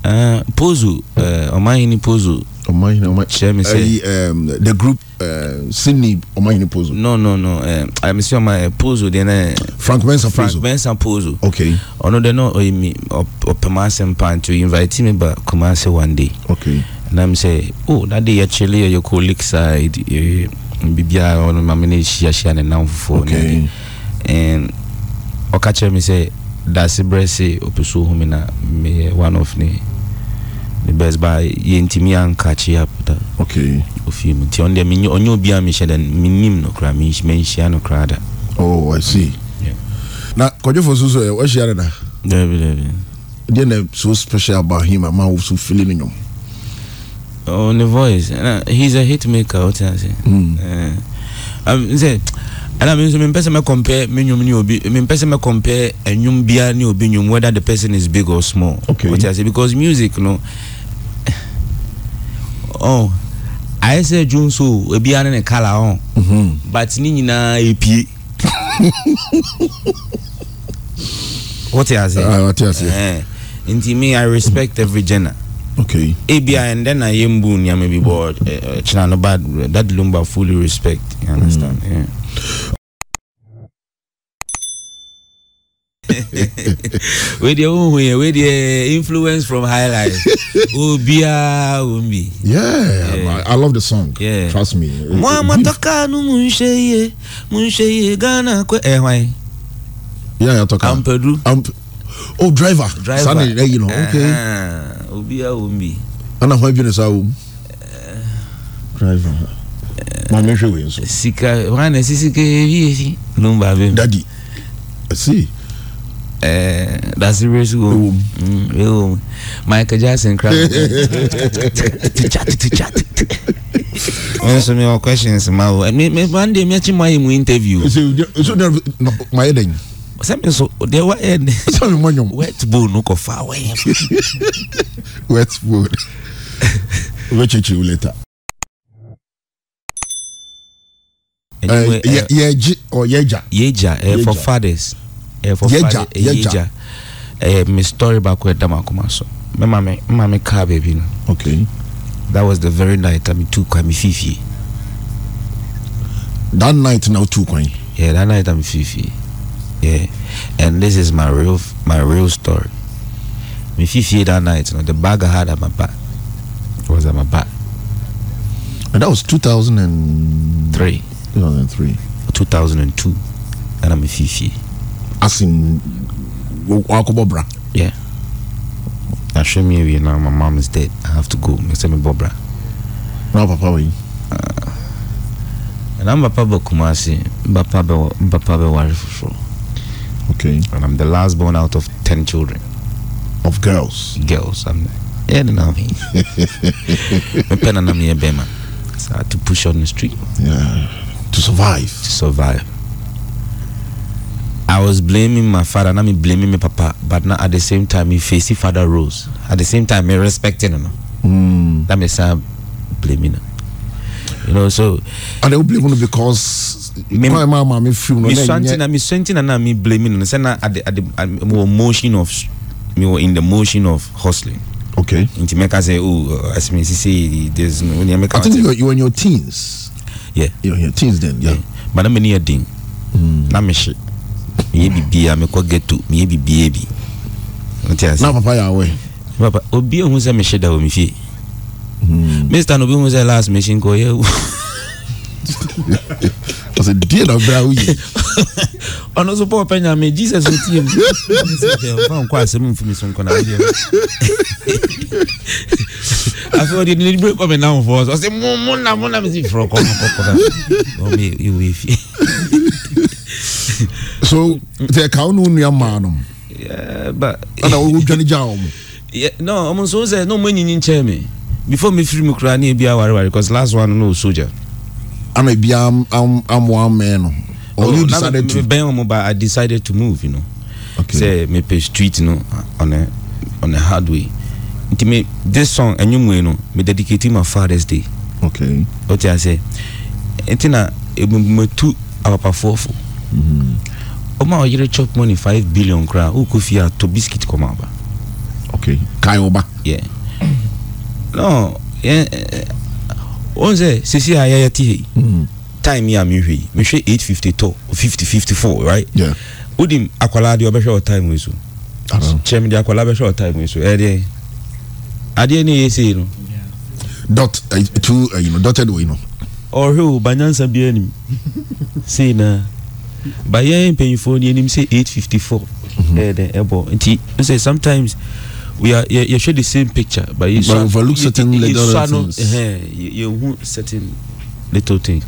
Pozo, eh, Pozu, Pozo. Eh, Omahini Pozu. Eh, um, the group uh, Sydney Omahini Pozu. No, no, no. Uh, I'm sure my Pozu then. Frank Mensah Pozo. Frank Mensah Pozu. Okay. Ono oh, de no oimi opemasem pan to invite me ba kumase one day. Okay. And I'm say, oh, that day actually your colleague side, bibia ono mama ne shia shia ne nan fufu. Okay. And ọka kyerɛ mi sɛ daase berɛ se ɔpɛ so ɔhu me na meyɛ one of ne ne best ba yɛntumi anka kye apta okay. ɔfie mu nti ɔno deɛ ɔnyɛ obi a mehyɛ dɛ menim no koraa manhyia no koraa da oh, i see yeah. na kɔdwefo so so wahyia no da dabi dabi deɛ na so special about him ama wo so feeling no nwom on oh, the voice he's a hit maker What I say. mm. uh, say ɛna mi nso mi mpɛ sɛ mɛ compare mi nnwom ni obi mi mpɛ sɛ mɛ compare nnwom bia ni obi nnwom whether the person is big or small okay wɔte ase because music no ɔn oh, ayɛ sɛ dwo nso ebi ara ne kala ɔn oh. mm-hmm. but ne nyinaa epie wɔte ase wɔte ase nti me i respect every genre okay ebi a and then na yɛ mbu nneɛma bi bɔ ɛkyina no bad. Eh, that lumba fully respect you understand. Mm. Yeah wey deɛ wohu yɛ wey deɛ influence from high life obiara wɔn yeah i love the song yeah. trust me. mo a mọtọka nu mu n ṣe iye mu n ṣe iye ghana kwe ẹ eh, wọn. yẹn yàtọka ampedu. Amp oh driver driver ẹ yìí nọ okay. Ah, obiara wɔn bi. ana hwan bi na sa wo driver maame hwɛ wei nso sika wọn na ɛsi sika ebi esi lumba bɛ mu dadi ɛsi ɛɛ dasi race wo ewo mu mm, ewo michael jackson kra ticha ticha wọn sọ mi wọ questions ma wo mi mi maa n de mi akyi mu ayé mu interview. ɛsɛ ɛsɛ ɛsɛ maa yɛ dɛ sẹ́mi sọ ọ̀dẹ́ wa ẹ̀ ní. sẹ́mi mọ̀ nyọ̀mù. wet bone kò fa wẹ́yìn. wet bone. o bẹ kyekye o later. or for fathers story so okay that was the very night i me tu kwan me that night now tu kwan yeah that night I'm fifi. yeah and this is my real my real story me fifi that night you know, the bag I had at my back was at my back and that was 2003 2003. 2002. And I'm a Fifi. As in Wakobobra? Yeah. I show me you now. My mom is dead. I have to go. I say me Bobra. Now, Papa, we. Uh, and I'm Papa Bokumasi. Papa Bewari for sure. Okay. And I'm the last born out of 10 children. Of girls? Girls. I'm the, yeah, they know me. My pen and I'm here, Bema. So I had to push on the street. Yeah. To survive. To survive. I was blaming my father, not me blaming my papa, but now at the same time, me facing father roles. At the same time, me respecting him. Mm. That makes I'm blaming him. You know, so. And they blame him because. Me, my mama, me feel no. Me swanting, me swanting, and me blaming him. Say na at the at the more motion of, me were in the motion of hustling. Okay. Into make I say, oh, uh, as me see, there's no. I think you were in your teens yeah. yeah, things then yeah. but na mene yɛ den mm. na mehye meyɛ bibia mekɔ ghetto meyɛ bibia bi na papa yɛ awɛ papa obi ehu sɛ mehye da wɔ me fie mm. mr no obi hu sɛ last mehye nkɔyɛ ɔsɛ die na ɔbɛra woyɛ ɔno nso paul pɛ nyame jesus ɔtie mfankɔ asɛm mfimi so nkɔna afei ɔde nene bere kɔ me namfoɔ so ɔsɛ mo na mo na mesi frɔkɔ no kɔkɔda ɛwɔ fie so sɛ ɛka wo ne wo nua maa ana wodwane gyaa wɔ mo no ɔmo nso sɛ na ɔmanyinyi nkyɛɛ me before mefiri mu koraa ne ɛbi ah, awareware bcause last one no ɔsoja ana ebi am am one man no. or oh, you decided to. bẹ́ẹ̀ mo ba I decided to move you know. okay sẹ me pe street you no know, on a on a hard way nti me this song enyimwe you no know, me dedicate my father's day. okay o ti a sẹ nti na ebumatu apapafoɔ fo. ɔmo mm-hmm. a ɔyere chop money five billion koraa ɔkɔ fie a to biscuit kɔma aba. okay kan o ba. yeah no. Yeah, eh, eh, wọn sɛ sisi a yɛyɛ ti mm-hmm. time yi a mi hwɛ mi hwɛ eight fifty two fifty fifty four right o di akwadaa deɛ ɔbɛhwɛ ɔ time yi so di deɛ akwadaa bɛhwɛ ɔ time yi so ɛdeɛ adeɛ ne yɛ sei no. dot two you know dotted way no. ɔhwɛ o banyansa bi anim sei na bayɛn mpanyinfoɔ ni anim sɛ eight fifty four ɛyɛ mm-hmm. dɛ ɛbɔ nti n sɛ sometimes we are yɛ yɛhwɛ the same picture but yɛ sua You certain little things yɛ sua no yɛ hu certain little things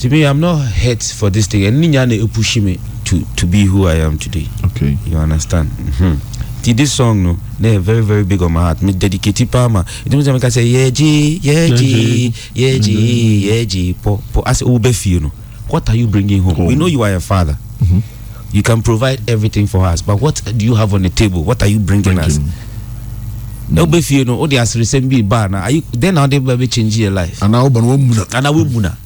to me i'm not hurt for this thing and nya na epushi me to to be who i am today okay you understand mm-hmm. ti this song no they very very big on my heart me dedicate pa ma it means make mm-hmm. i say yeji yeji yeji yeji po po as o be feel no what are you bringing home oh. we know you are a father mm-hmm. You can provide everything for us, but what do you have on the table? What are you bringing Thank us? You. na wobɛ fie no wode aseresɛm bi baa na then na wode ba bɛchange your life And anaa woba no wamuna anaa wamuna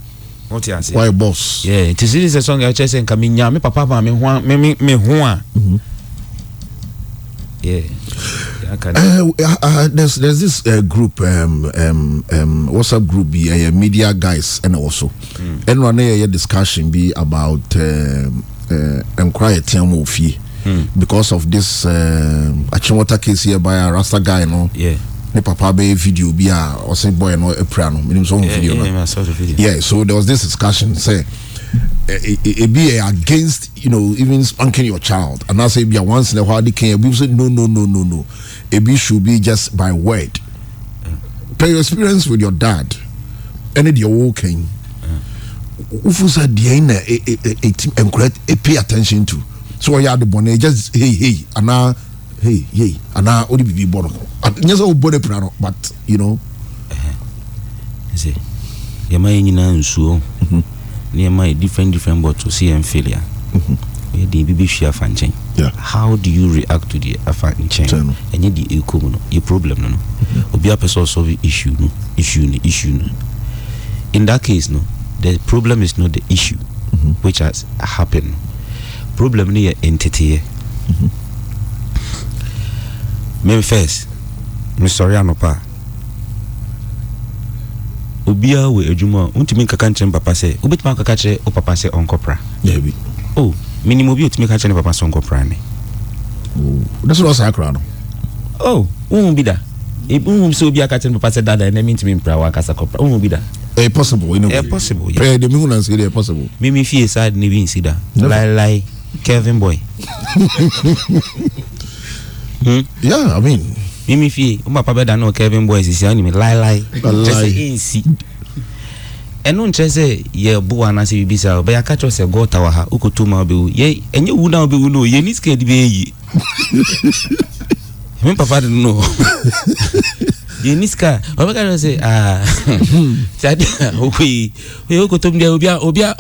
wote ase why boss yeah nti this song I just sɛ nka menya me papa ma me ho me me me ho mm-hmm. yeah Uh, uh, there's there's this uh, group um, um, um, WhatsApp group be uh, media guys and also mm. and one uh, discussion be about um, Eh, nkora yɛ team wɔ fie hmm. because of this eh, akyinwota case yɛ by a rasta guy no ne papa bɛyɛ video bi a ɔsɛ boy. no apira no menim sɛ video no yeah so there was this discussion Say, eh, ebi yɛ against you know even spanking your child And say, ebi a once in a while de kenya ebi sɛ no no no no no ebi should be just by word per your experience with your dad ɛne deɛ ɔwɔ kenya wofu sɛ deɛn na nkura pay attention to so ɔyɛ ade bɔne just hey hey anaa hey hey anaa ɔde biribi bɔ no nyɛ sɛ wobɔ no pira no but you know yɛma yɛ nyinaa nsuo ne yɛma yɛ different different bottle si yɛn failure yɛ de ebi bi hwi afa nkyɛn how do you react to the afa nkyɛn ɛnyɛ deɛ ɛkɔ mu no yɛ problem no no mm-hmm. obi apɛ sɛ ɔsɔre issue no issue no issue no in that case no the problem is not the issue mm-hmm. which has happened problem ni yɛ entity yɛ mm-hmm. me first mesɔre anɔpa obiara wɔ adwuma a wontumi nkaka nkyerɛ mpapa sɛ wobɛtumi akaka kyerɛ wo papa sɛ ɔnkɔpra Yeah, o oh, menim obi ɔtumi ka kyerɛ ne papa sɛ ɔnkɔpra ne wode sɛ wɔsaa kora no o wohu bi da wohu sɛ obi aka kyerɛ ne papa sɛ dada ɛnɛ mentumi mpra waakasa kɔpra wohu bi da ɛyɛ eh, possible ɛyɛ anyway. Eh, possible yɛ ɛɛ de mi hun na nse de ɛyɛ possible. mímí fi sáà ni bí n si da láéláé kevin boy. hmm? yeah i mean. mímí fiye ó papa bẹ́ẹ̀ dáná kevin boy sisi àwọn ènìyàn láéláé kyerɛsɛ ɛyìn si ɛnu nkyerɛ sɛ yɛ bu wa anase bibi sa ɔbɛyɛ akatsɛ sɛ gɔta wa ha okoto ma ɔbɛwu yɛ ɛnyɛ wu na ɔbɛwu no yɛ ni sikɛti bɛ yi mi papa de no. in this car ọba kan sẹ ah sadi okoye oye oko tom de obi a obi a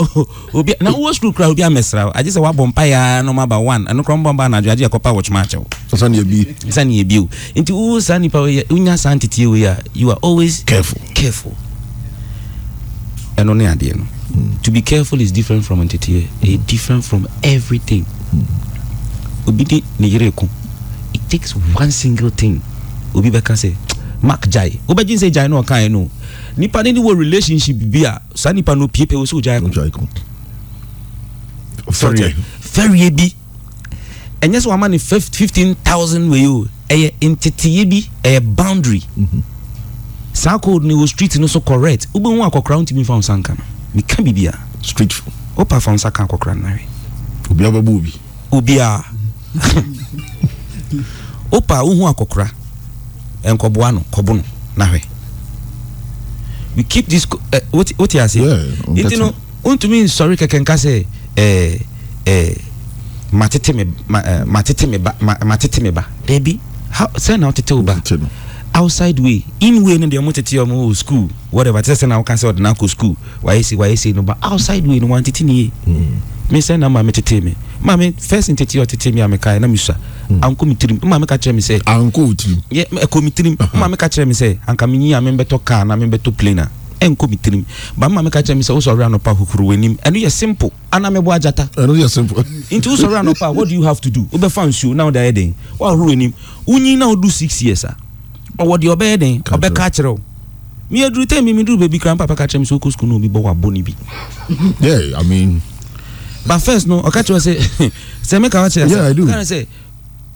obi a na wo sukuu kura obi a mẹsira o agye sẹ wa bọ mpa ya nọmba ba one ẹnu kura mbọmba anadu agye akọpa wọtí ma kyẹw. sani ebi. sani ebi o nti wo saa nipa wo yẹ wonya saa ntete wo yẹ you are always. careful careful ẹnu ni adeɛ no to be careful is different from ntete e eh? different from everything obi di ne yere ko it takes one single thing obi bɛ ka sɛ mark jai wobɛgye sɛ gyae no ɔkae no nipa ni ne wɔ relationship bi a saa nipa no pie pɛ wo sɛ wogyae ko fɛreɛ bi ɛnyɛ sɛ wama no 15000 wei o ɛyɛ nteteeɛ bi ɛyɛ boundary saa code no wɔ street no so correct wobɛhu akɔkora wontumi mfa wo sa nka no meka biribia street wopa fa wo sa ka akɔkora no nawe obia bɛbɔ obi obia wopa wohu akɔkora nkɔboa no kɔbo no we keep this eh, What wote wote ase nti no ntumi nsɔre kɛkɛ nka sɛ ɛɛ eh, ɛɛ eh, matete me ma matete me ba matete me ba baby. how say now? ɔtete o ba outside way in way no deɛ ɔmo tete ɔmo wɔ school whatever tete sɛ na ɔka sɛ ɔde na akɔ school wayɛ se wayɛ se no ba outside way no wɔn tete nie hmm. me sɛ na maame tete mi maame first tete ɔtete mi a me kae na mi sua hmm. anko mi tirim maame ka kyerɛ mi sɛ anko o tirim yɛ ɛkɔ mi tirim uh-huh. maame ka kyerɛ mi sɛ anka mi nyi a mi bɛ na mi bɛ plane na ɛnkɔ e mi tirim ba maame ka kyerɛ mi sɛ o sɔrɔ anɔpa huhuru wɔ anim ɛnu yɛ simple ana bɔ ajata ɛnu yɛ simple nti o sɔrɔ anɔpa what do you have to do o bɛ fa nsuo na o da yɛ den wa huhuru wɔ anim wonyi na o do six years ah ɔwɔ deɛ ɔbɛyɛ den ɔbɛka kyerɛ o mieduru tẹ mi mi duru baabi kran papa ka kyerɛ mi sɛ okɔ sukuu na obi bɔ wabɔ ne bi. yeah i mean. but first no ɔka kyerɛ sɛ sɛ meka ka wa kyerɛ sɛ yeah i do ɔka kyerɛ sɛ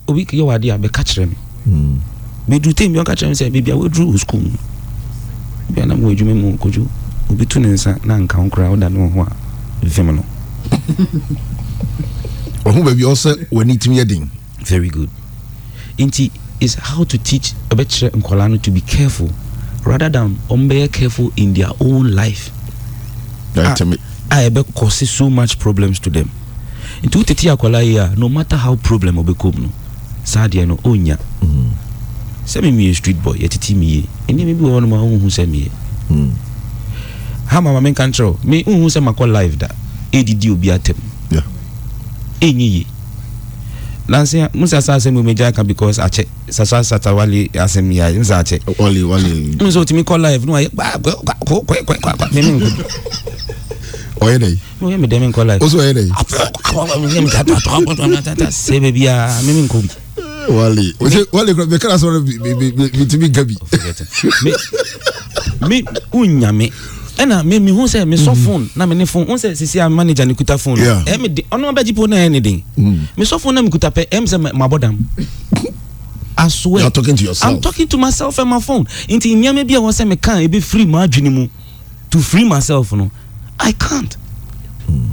obi yɛ wa adi a bɛ ka kyerɛ mi. mieduru hmm. tẹ mi ɔka kyerɛ mi sɛ beebi a wɔ sukuu mu beebi a nam wɔ adwuma mu kojú obi tu ne nsa na nka ho koraa ɔda ne ho a fim no. ɔho baabi ɔsɛ w'ani timi yɛ den. very good nti is how to teach ɛbɛkyerɛ nkɔlaa no to be careful rather than wɔn bɛyɛ careful in their own life a a ɛbɛ kɔsi so much problems to them nti o tete akɔlaa yi a no matter how problem ɔbɛkɔm no saa deɛ no ɔnya mm. sɛ mi mi yɛ street boy yɛ tete mi yie nneɛma bi wɔ hɔ nom a ɔnhu sɛ mi yɛ ha mama mi nka nkyerɛw mi nhu sɛ ma kɔ live da edidi obi atɛm ɛnyi yie nansi musa sa asɛm mi gya ka because ache, sasa sata wale asɛm ya musa ache. Wali wali. n sọ tìmí kọ live ní aye, yẹ gbaa kọ kọ kọ kọ kọ kọ mímí nkọ. ɔyɛ dɛ. n'o yɛ mi dɛmɛ nkɔ live. o sọ ɔyɛ dɛ. afɔ mi ta ta ta ta ta sɛbɛ bi aa mímí nkɔ bi. be o se wale kala sɔrɔ bi bi bi bi gabi. Me u ɲami ɛna mi mi hun sɛ mi sɔ mhm. phone na mi ni phone hun sɛ sisi a manager ni kuta phone ɛmi di ɔno bɛ jipo na yɛ ni den mi mm. sɔ phone na mi kuta pɛ ɛmi sɛ ma bɔ dam i swear you are talking to yourself i'm talking to myself and my phone nti nneɛma bi a wɔn sɛ mi kan ebi free maa dwene mu to free myself no i can't. Mm.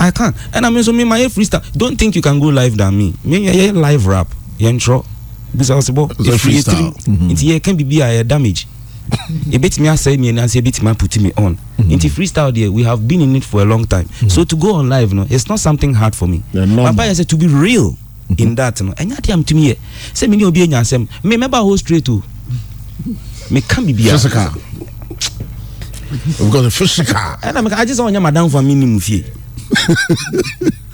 I can't. And I mean, so me, free freestyle. Don't think you can go live than me. Me, yeah, yeah, live rap. Yeah, intro. Because I was about freestyle. It's yeah, can be be a damage. ebetumi asɛ mi ɛna sɛ ebetumi aputi mi on mm. nti freestyle there we have been in it for a long time mhm. so to go on live no it's not something hard for me papa yɛ sɛ to be real mhm. in that no ɛnya de amtumi yɛ sɛ mi ni obi enya asɛm mi mɛ ba ho straight o mi ka mi bia physical because physical ɛna mi ka agye sɛ ɔnyɛ madam for mi ni mu fie.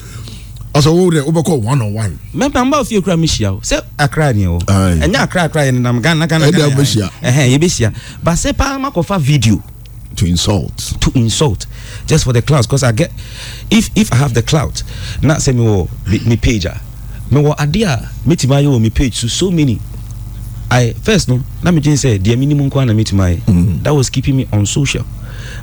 ɔsɛ wo dɛ wobɛkɔ one on one. mɛmpa n b'a f'i ye kura mi siya o sɛ akra ni o ɛnyɛ akra akra yɛ nenam gana gana gana yɛ ɛhɛn yɛ bɛ siya ba se paa ma kɔ fa video. to insult. to insult just for the clout 'cause i get if if i have the clout na say mi wɔ mi page a mi wɔ ade a mi ti ma yɛ wɔ mi page to so many i first no na mi jin sɛ deɛ mi ni mu nkwa na mi ti ma yɛ mm. that was keeping me on social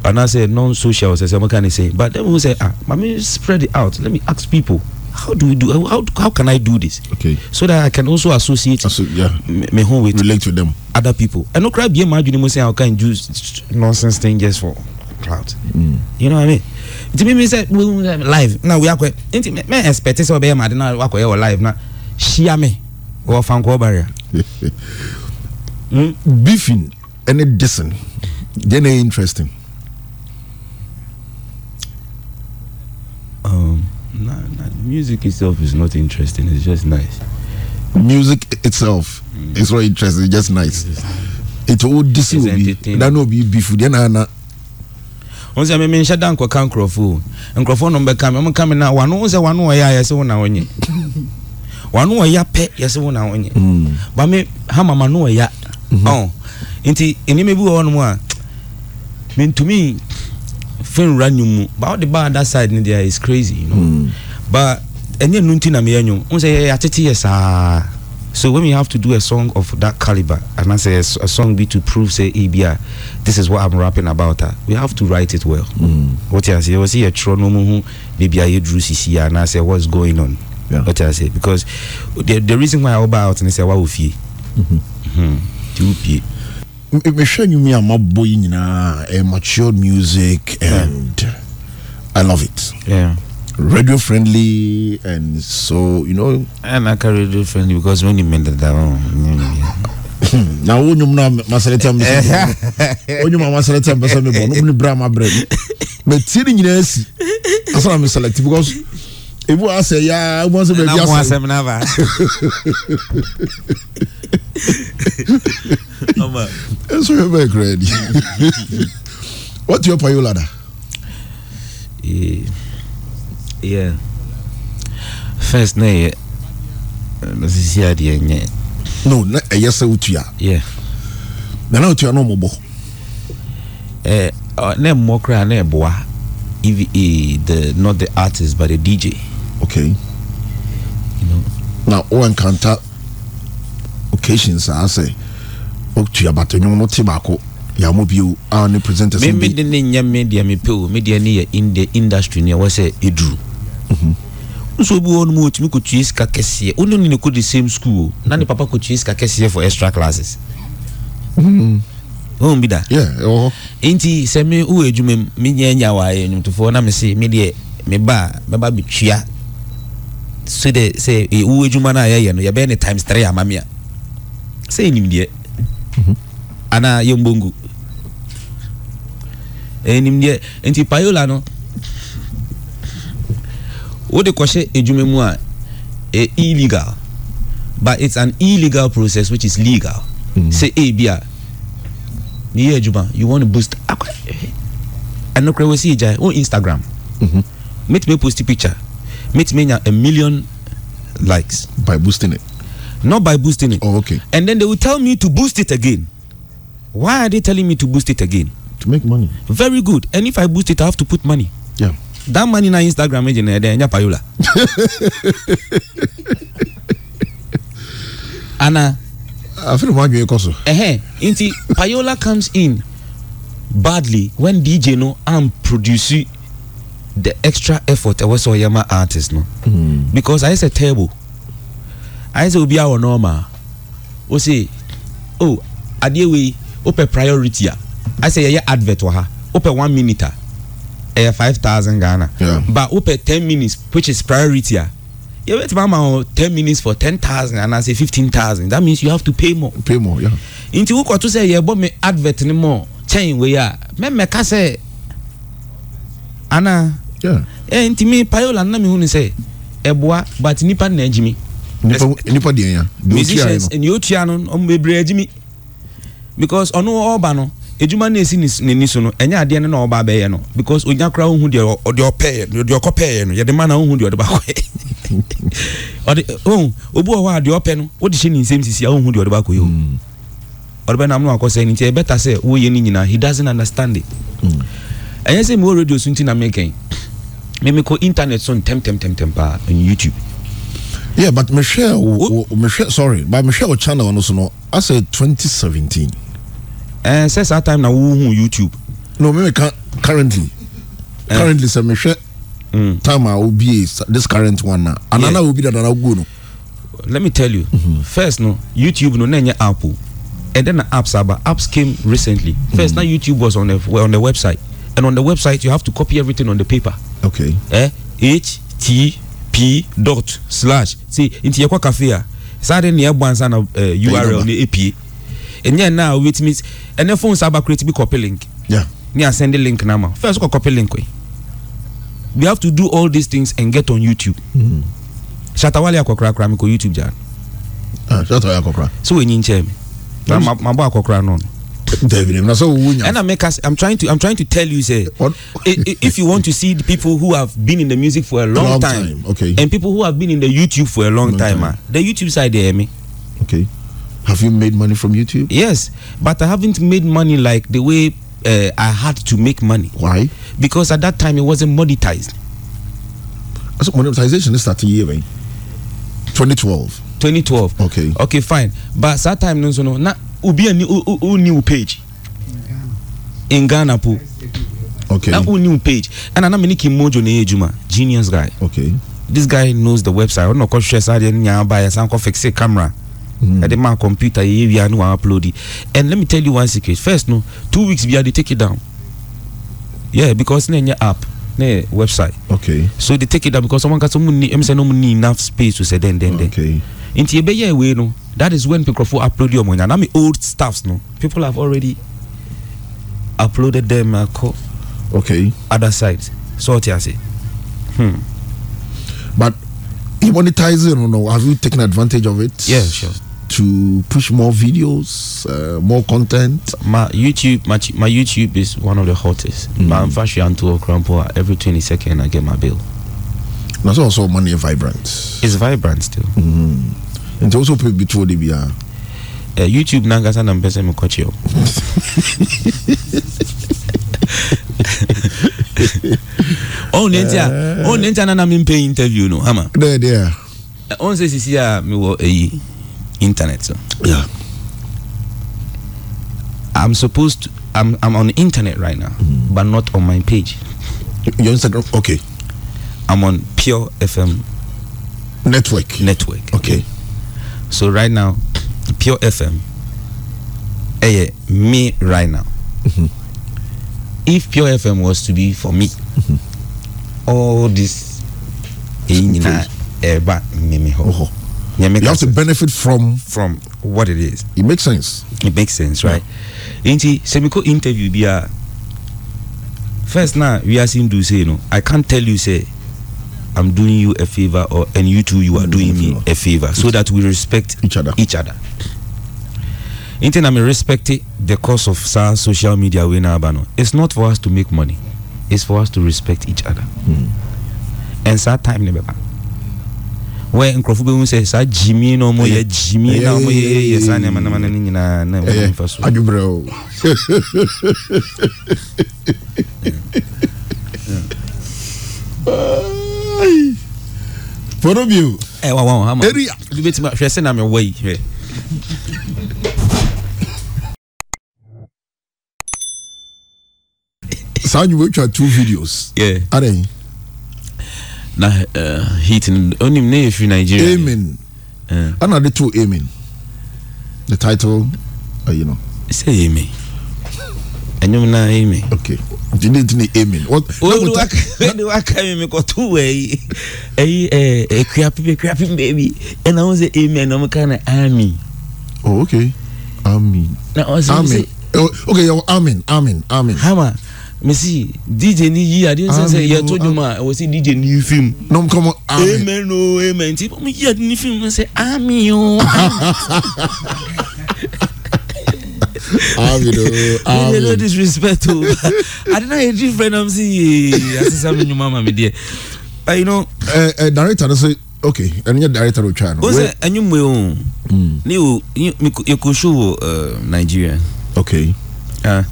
and i say non social sɛ sɛ mo ka ne say but then we say ah mami spread it out let me ask people how do we do how, how, can I do this? Okay. So that I can also associate Asso- yeah. me, home with relate to them. Other people. I know crab yeah imagine me say I can do nonsense thing just for cloud. Mm. You know what I mean? Nti mi mi sẹ live now we akọ nti mi expect this. ọbẹ yẹ ma adi na wakọ yẹ wọ live na ṣia mi wọ fankọ barrier. Mm? beefing Any dissing Then interesting. Um, nah, music itself is not interesting. It's just nice. Music itself mm. is not interesting. It's just nice. It's It all this will be that will be beautiful. Then I wọn sɛ mɛmɛ nhyɛ da nkɔka nkurɔfoɔ nkurɔfoɔ no bɛka mɛ ɔmka me na wano wo sɛ wano ɔyɛ a yɛsɛ wo na wonyɛ wano ɔyɛ pɛ yɛsɛ wo na wonyɛ ba me ha ma no ɔyɛ ɔn nti nneɛma bi wɔ hɔnom a mentumi fɛnwura nnwom mu ba wode baa that side no there is crazy you know mm. but any nu nti na meyɛ nwom n sɛ yɛyɛ atete so when we have to do a song of that caliber and I say a, song be to prove say ebia this is what I'm rapping about uh, we have to write it well mm. what I say was here tro no mu hu maybe I drew sisi ah, and I say what's going on what I say because the the reason why I buy out and say why we fee mm-hmm. Mm-hmm. two p mehwɛ nwumi a mabɔ yi nyinaa mature music and yeah. i love it yeah. radio friendly and so you know. I'm not radio friendly because when you meant that one. na wo nwom no maselete me wo nwom amaselete me sɛ mebɔ nom ne berɛ ama berɛ mu matie ne nyinaa si asɛ na meselect because ebi wa asɛ ya ebi wa asɛ baabi asɛ ɛnso yɛ bɛɛ kura yɛ di what your payola da. Yeah yeah first na yɛ sisi adeɛ nyɛ. no na ɛyɛ sɛ wotua. yeah na na wotua na ɔmo bɔ. ɛɛ ɔ na mmɔ koraa na ɛboa eva the not the artist but the dj. okay. You know. na o nkanta occasions a ah, sɛ wotua bata eh, nwom no te baako yàmú bi o a ah, ne presenters. mi mi de ne nyɛ mi deɛ mi pe o mi deɛ ne yɛ industry ni ɛwɔ sɛ eduru. nso bi wɔ nom otumi kɔtua sika kɛseɛ wo ne no ne kɔ the same school na ne papa kɔtua sika kɛseɛ for extra classes wọn bi da. nti sɛ mi wɔ adwuma mu mi nyɛ nya wɔ ayɛ nnwomtofoɔ na mi se mi deɛ mi ba mi ba bi tua so de sɛ wɔ adwuma no a yɛyɛ no yɛbɛyɛ ne times three ama e mi a sɛ enim deɛ ana yɛ mbongo enim deɛ nti payola no. wode kɔhyɛ edwuma mu a e illegal but it's an illegal process which is legal mm. Say sɛ ebi a ne yɛ you want to boost akɔ ɛno kora wɔsi egya on instagram mm-hmm. me post picture me nya a million likes by boosting it not by boosting it oh, okay and then they will tell me to boost it again why are they telling me to boost it again to make money very good and if i boost it i have to put money that man na instagram eji na ede nya payola ana afiri mo adwene kɔ so ɛhɛn inti payola comes in badly when dj no am produce the extra effort ɛwɔ sɛ yama artist no mm. because I sɛ table I sɛ obi awɔ nɔɔma o se o oh, adeɛ wei o pɛ priority a ayɛ sɛ advert wɔ ha o one minute a ɛyɛ five thousand ghana but but wopɛ ten minutes which is priority a yɛbɛtumi ama wɔ ten minutes for ten thousand and say fifteen thousand that means you have to pay more. pay more yeah. nti wokɔto sɛ yɛbɔ me advert ne mɔ kyɛn wei a mɛmɛka sɛ ana yeah. e, nti mi payola nna mi hu ni sɛ ɛboa but nipa nna agyi mi. nipa nipa deɛ ya. musicians ni o tia no ɔmo bebree agyi because ɔno ɔba no edwuma na esi n'ani so no ɛnyɛ adeɛ no na ɔba abɛyɛ no because onya koraa ohun deɛ ɔde ɔpɛɛ deɛ ɔkɔ pɛɛ no yɛde ma na ohun deɛ ɔde ba kɔɛ ɔde ohun obi wɔ hɔ a deɛ ɔpɛ no wɔde hyɛ ne nsam sisi a ohun deɛ ɔde ba kɔɛ o ɔde hmm. bɛ nam no akɔ e sɛ ne nti ɛbɛta sɛ wɔyɛ ne nyinaa he doesn't understand it ɛnyɛ sɛ mi wɔ radio so nti na mi kɛn mi mi kɔ internet so ntɛmtɛmtɛmtɛm paa on youtube. yeah but mehwɛ wo mehwɛ sorry but mehwɛ wo channel no so no asɛ 2017 ɛɛ sɛ saa time na wohun youtube. No, o mímì kan currently eh. currently sɛ mi hwɛ mm. time a obi this current one na anana yeah. obi dada na go no. let me tell you mm -hmm. first no youtube no na nye app o and then the apps aba apps came recently first mm -hmm. na youtube was on the on the website and on the website you have to copy everything on the paper. okay. Eh? P dot slash see nti yɛ kɔ cafe eh, a saa de ne yɛ bɔ ansa na url ni apue ɛnyɛ na wobɛtumi ɛnɛ phone saa bakorɛti bi copy link yeah. ne asɛnde link no ama first kɔ copy link we we have to do all these things and get on youtube mm. shatawale akɔkora kora mekɔ youtube gyaa ah, shatawale akɔkora sɛ wɔnyi nkyɛɛ me na mabɔ akɔkora no no and make us, I'm trying to I'm trying to tell you say if you want to see the people who have been in the music for a long, long time, time, okay and people who have been in the YouTube for a long, long time, time. Uh, the YouTube side there eh, me okay Have you made money from YouTube? Yes, but I haven't made money like the way uh, I had to make money. Why? Because at that time it wasn't monetized. So monetization is starting year, eh? 2012. 2012. Okay. Okay, fine. But that time, no, so no, na ubi a new new page in Ghana, po. Okay. Na new page. And I'm making mojo ne ejuma. Genius guy. Okay. This guy knows the website. i no not quite sure. I didn't buy a camera. mm. ɛde ma computer yɛyɛ wia ne wɔn upload it and let me tell you one secret first no two weeks bia they take it down yeah because ne nyɛ app ne website okay so they take it down because someone ka so mu ni emi no mu ni enough space to sɛ den den den okay nti ebɛyɛ ewe no that is when nkurɔfoɔ upload yɛ ɔmo nya na mi old staffs no people have already uploaded them akɔ uh, okay other sites so ɔte ase hmm but you monetize it or no have you taken advantage of it yeah sure to push more videos, uh, more content? My YouTube, my, my YouTube is one of the hottest. Mm. My Fashion and Tour Grandpa, uh, every 20 second I get my bill. That's also money vibrant. It's vibrant still. mm And also people to the BR. Uh, YouTube nangasa na mpesa mkochio. Oh nentia, ah. uh. oh nentia ah, na na mimpe interview no, hama. There there. Oh sisi ya miwo eyi internet. So. Yeah. I'm supposed to, I'm I'm on the internet right now, mm. but not on my page. Your Instagram, okay. I'm on Pure FM network. Network. Okay. So right now, Pure FM. Eh, me right now. Mm-hmm. If Pure FM was to be for me, mm-hmm. all this, eh, eh me me oh, you have sense. to benefit from from what it is. It makes sense. It makes sense, right? Yeah. Inti, semiko interview be a first now we are seeing do say you know I can't tell you say I'm doing you a favor or and you too you are mm, doing me a favor so that we respect each other. Each other. Inti, I'm respecting the cause of social media we now It's not for us to make money. It's for us to respect each other. Mm. And sad time never. wɛ nkurɔfo bɛ hun sɛ saa jimi na ɔmo yɛ jimi na ɔmo yɛ yɛ saa nɛɛma nɛɛma ne nyinaa na ɛmu nfa so. adubere o. fɔlɔ bi o. ɛ wa wa wa hama eriya olu tuma hwɛ sɛ na yi hwɛ. saa ɲuman twa two videos. Yeah na uh, heat onim ne yɛfiri nigeria amen eh. ana de to amen the title uh, you know. sɛ amen ɛnwom na amen okay dini dini amen wode waka me mekɔto wɔ ayi ayi akuape akuape baabi ɛna wo sɛ amen na ɔmeka na ami oh, okay amen na ɔsɛ oh, okay yɛwɔ amen amen amen hama mesi dj ni yi adi nsɛn sɛ yɛ ma dwuma ɛwɔ si dj ni yi fim. nom kɔmɔ amen amen o oh, amen ti mo yi adi ni fim mo sɛ ami o. Oh. amen oh, o amen. no disrespect o adi na yɛ different am si yee eh, asesa mi nyuma ma mi deɛ. ɛ you know. ɛ eh, ɛ eh, director no sɛ okay ɛnu yɛ director o twa no. o sɛ ɛnyinmu yi o. ni o yɛ ko show wɔ uh, nigeria. okay. Uh,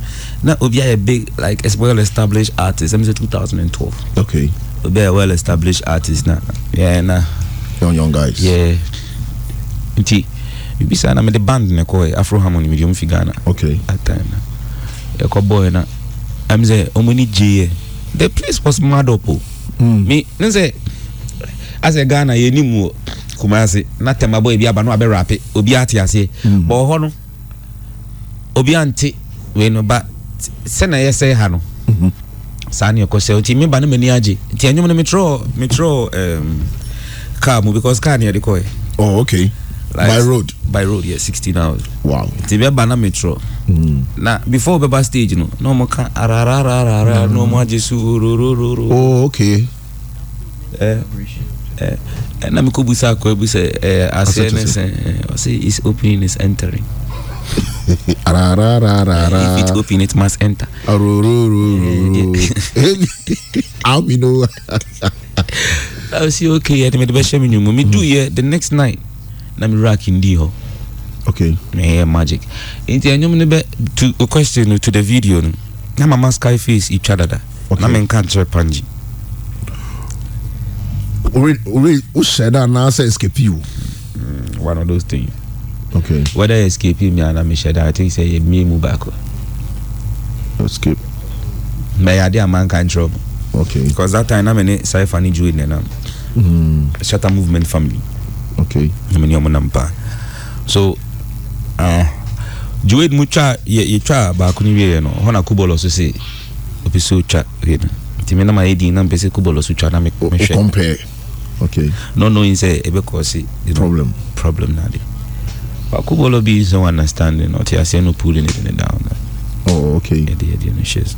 Now Obia a big like a well established artist. I'm say 2012. Okay. Obia a well established artist now. Yeah, now Young young guys. Yeah. Nti bibi saa na the band ne kɔɛ afro harmony mede ɔmu fi ghana okay. At atime no ɛkɔbɔɛ na I'm say ɔmani J. the place was mad up o oh. mm. me ne sɛ asɛ ghana yɛnim o oh. kumase na tɛm abɔ ebi aba no abɛrape obi ate aseɛ mm. bɔ hɔ no obi ante wei no but sɛna yɛsɛ ha no mhm. saa ne ɛkɔ sɛ nti meba no m'ani agye nti ɛnwom no metrɔ metrɔ um, car mu because car ne yɛde kɔɛ oh, okay like, by road by road yeah 16 hours wow nti bɛba na metrɔ mm. na before bɛba stage no na ɔmo ka ararararara mm. na ɔmo agye so ororororo oh, okay eh, eh, na mekɔbusa akɔ abu sɛ eh, aseɛ ne sɛ ɔse is opening is entering ra ra ra ra ra. If it open, it must enter. Ro ro ro ro. How me know? I was okay. I made the me new. Me do here the next night. Na me rack in di ho. Okay. Me yeah, magic. Inti anyum ne be to a question to the video no. Na mama sky face each other da. Okay. Na me nka nkyerɛ panji. Ori ori o hyɛ da na sɛ escape you. One of those things. Okay. Whether escape me and I'm a I think say me move back. Escape. May I dear man can trouble. Okay. Because that time I'm in cipher ni Jew in them. Mm-hmm. Shutter movement family. Okay. I mean your nampa. So uh ah, Jew mu twa ye ye twa baako ni wie no. Ho kubolo so say obi so twa wie no. Ti me na edi na mpese kubolo so twa na me me hwe. Compare. Okay. No knowing say ebe cause problem problem na dey. Wakubolobies don't understand it. Not here, no pulling it down. Oh, okay. Yeah, yeah, yeah, shares.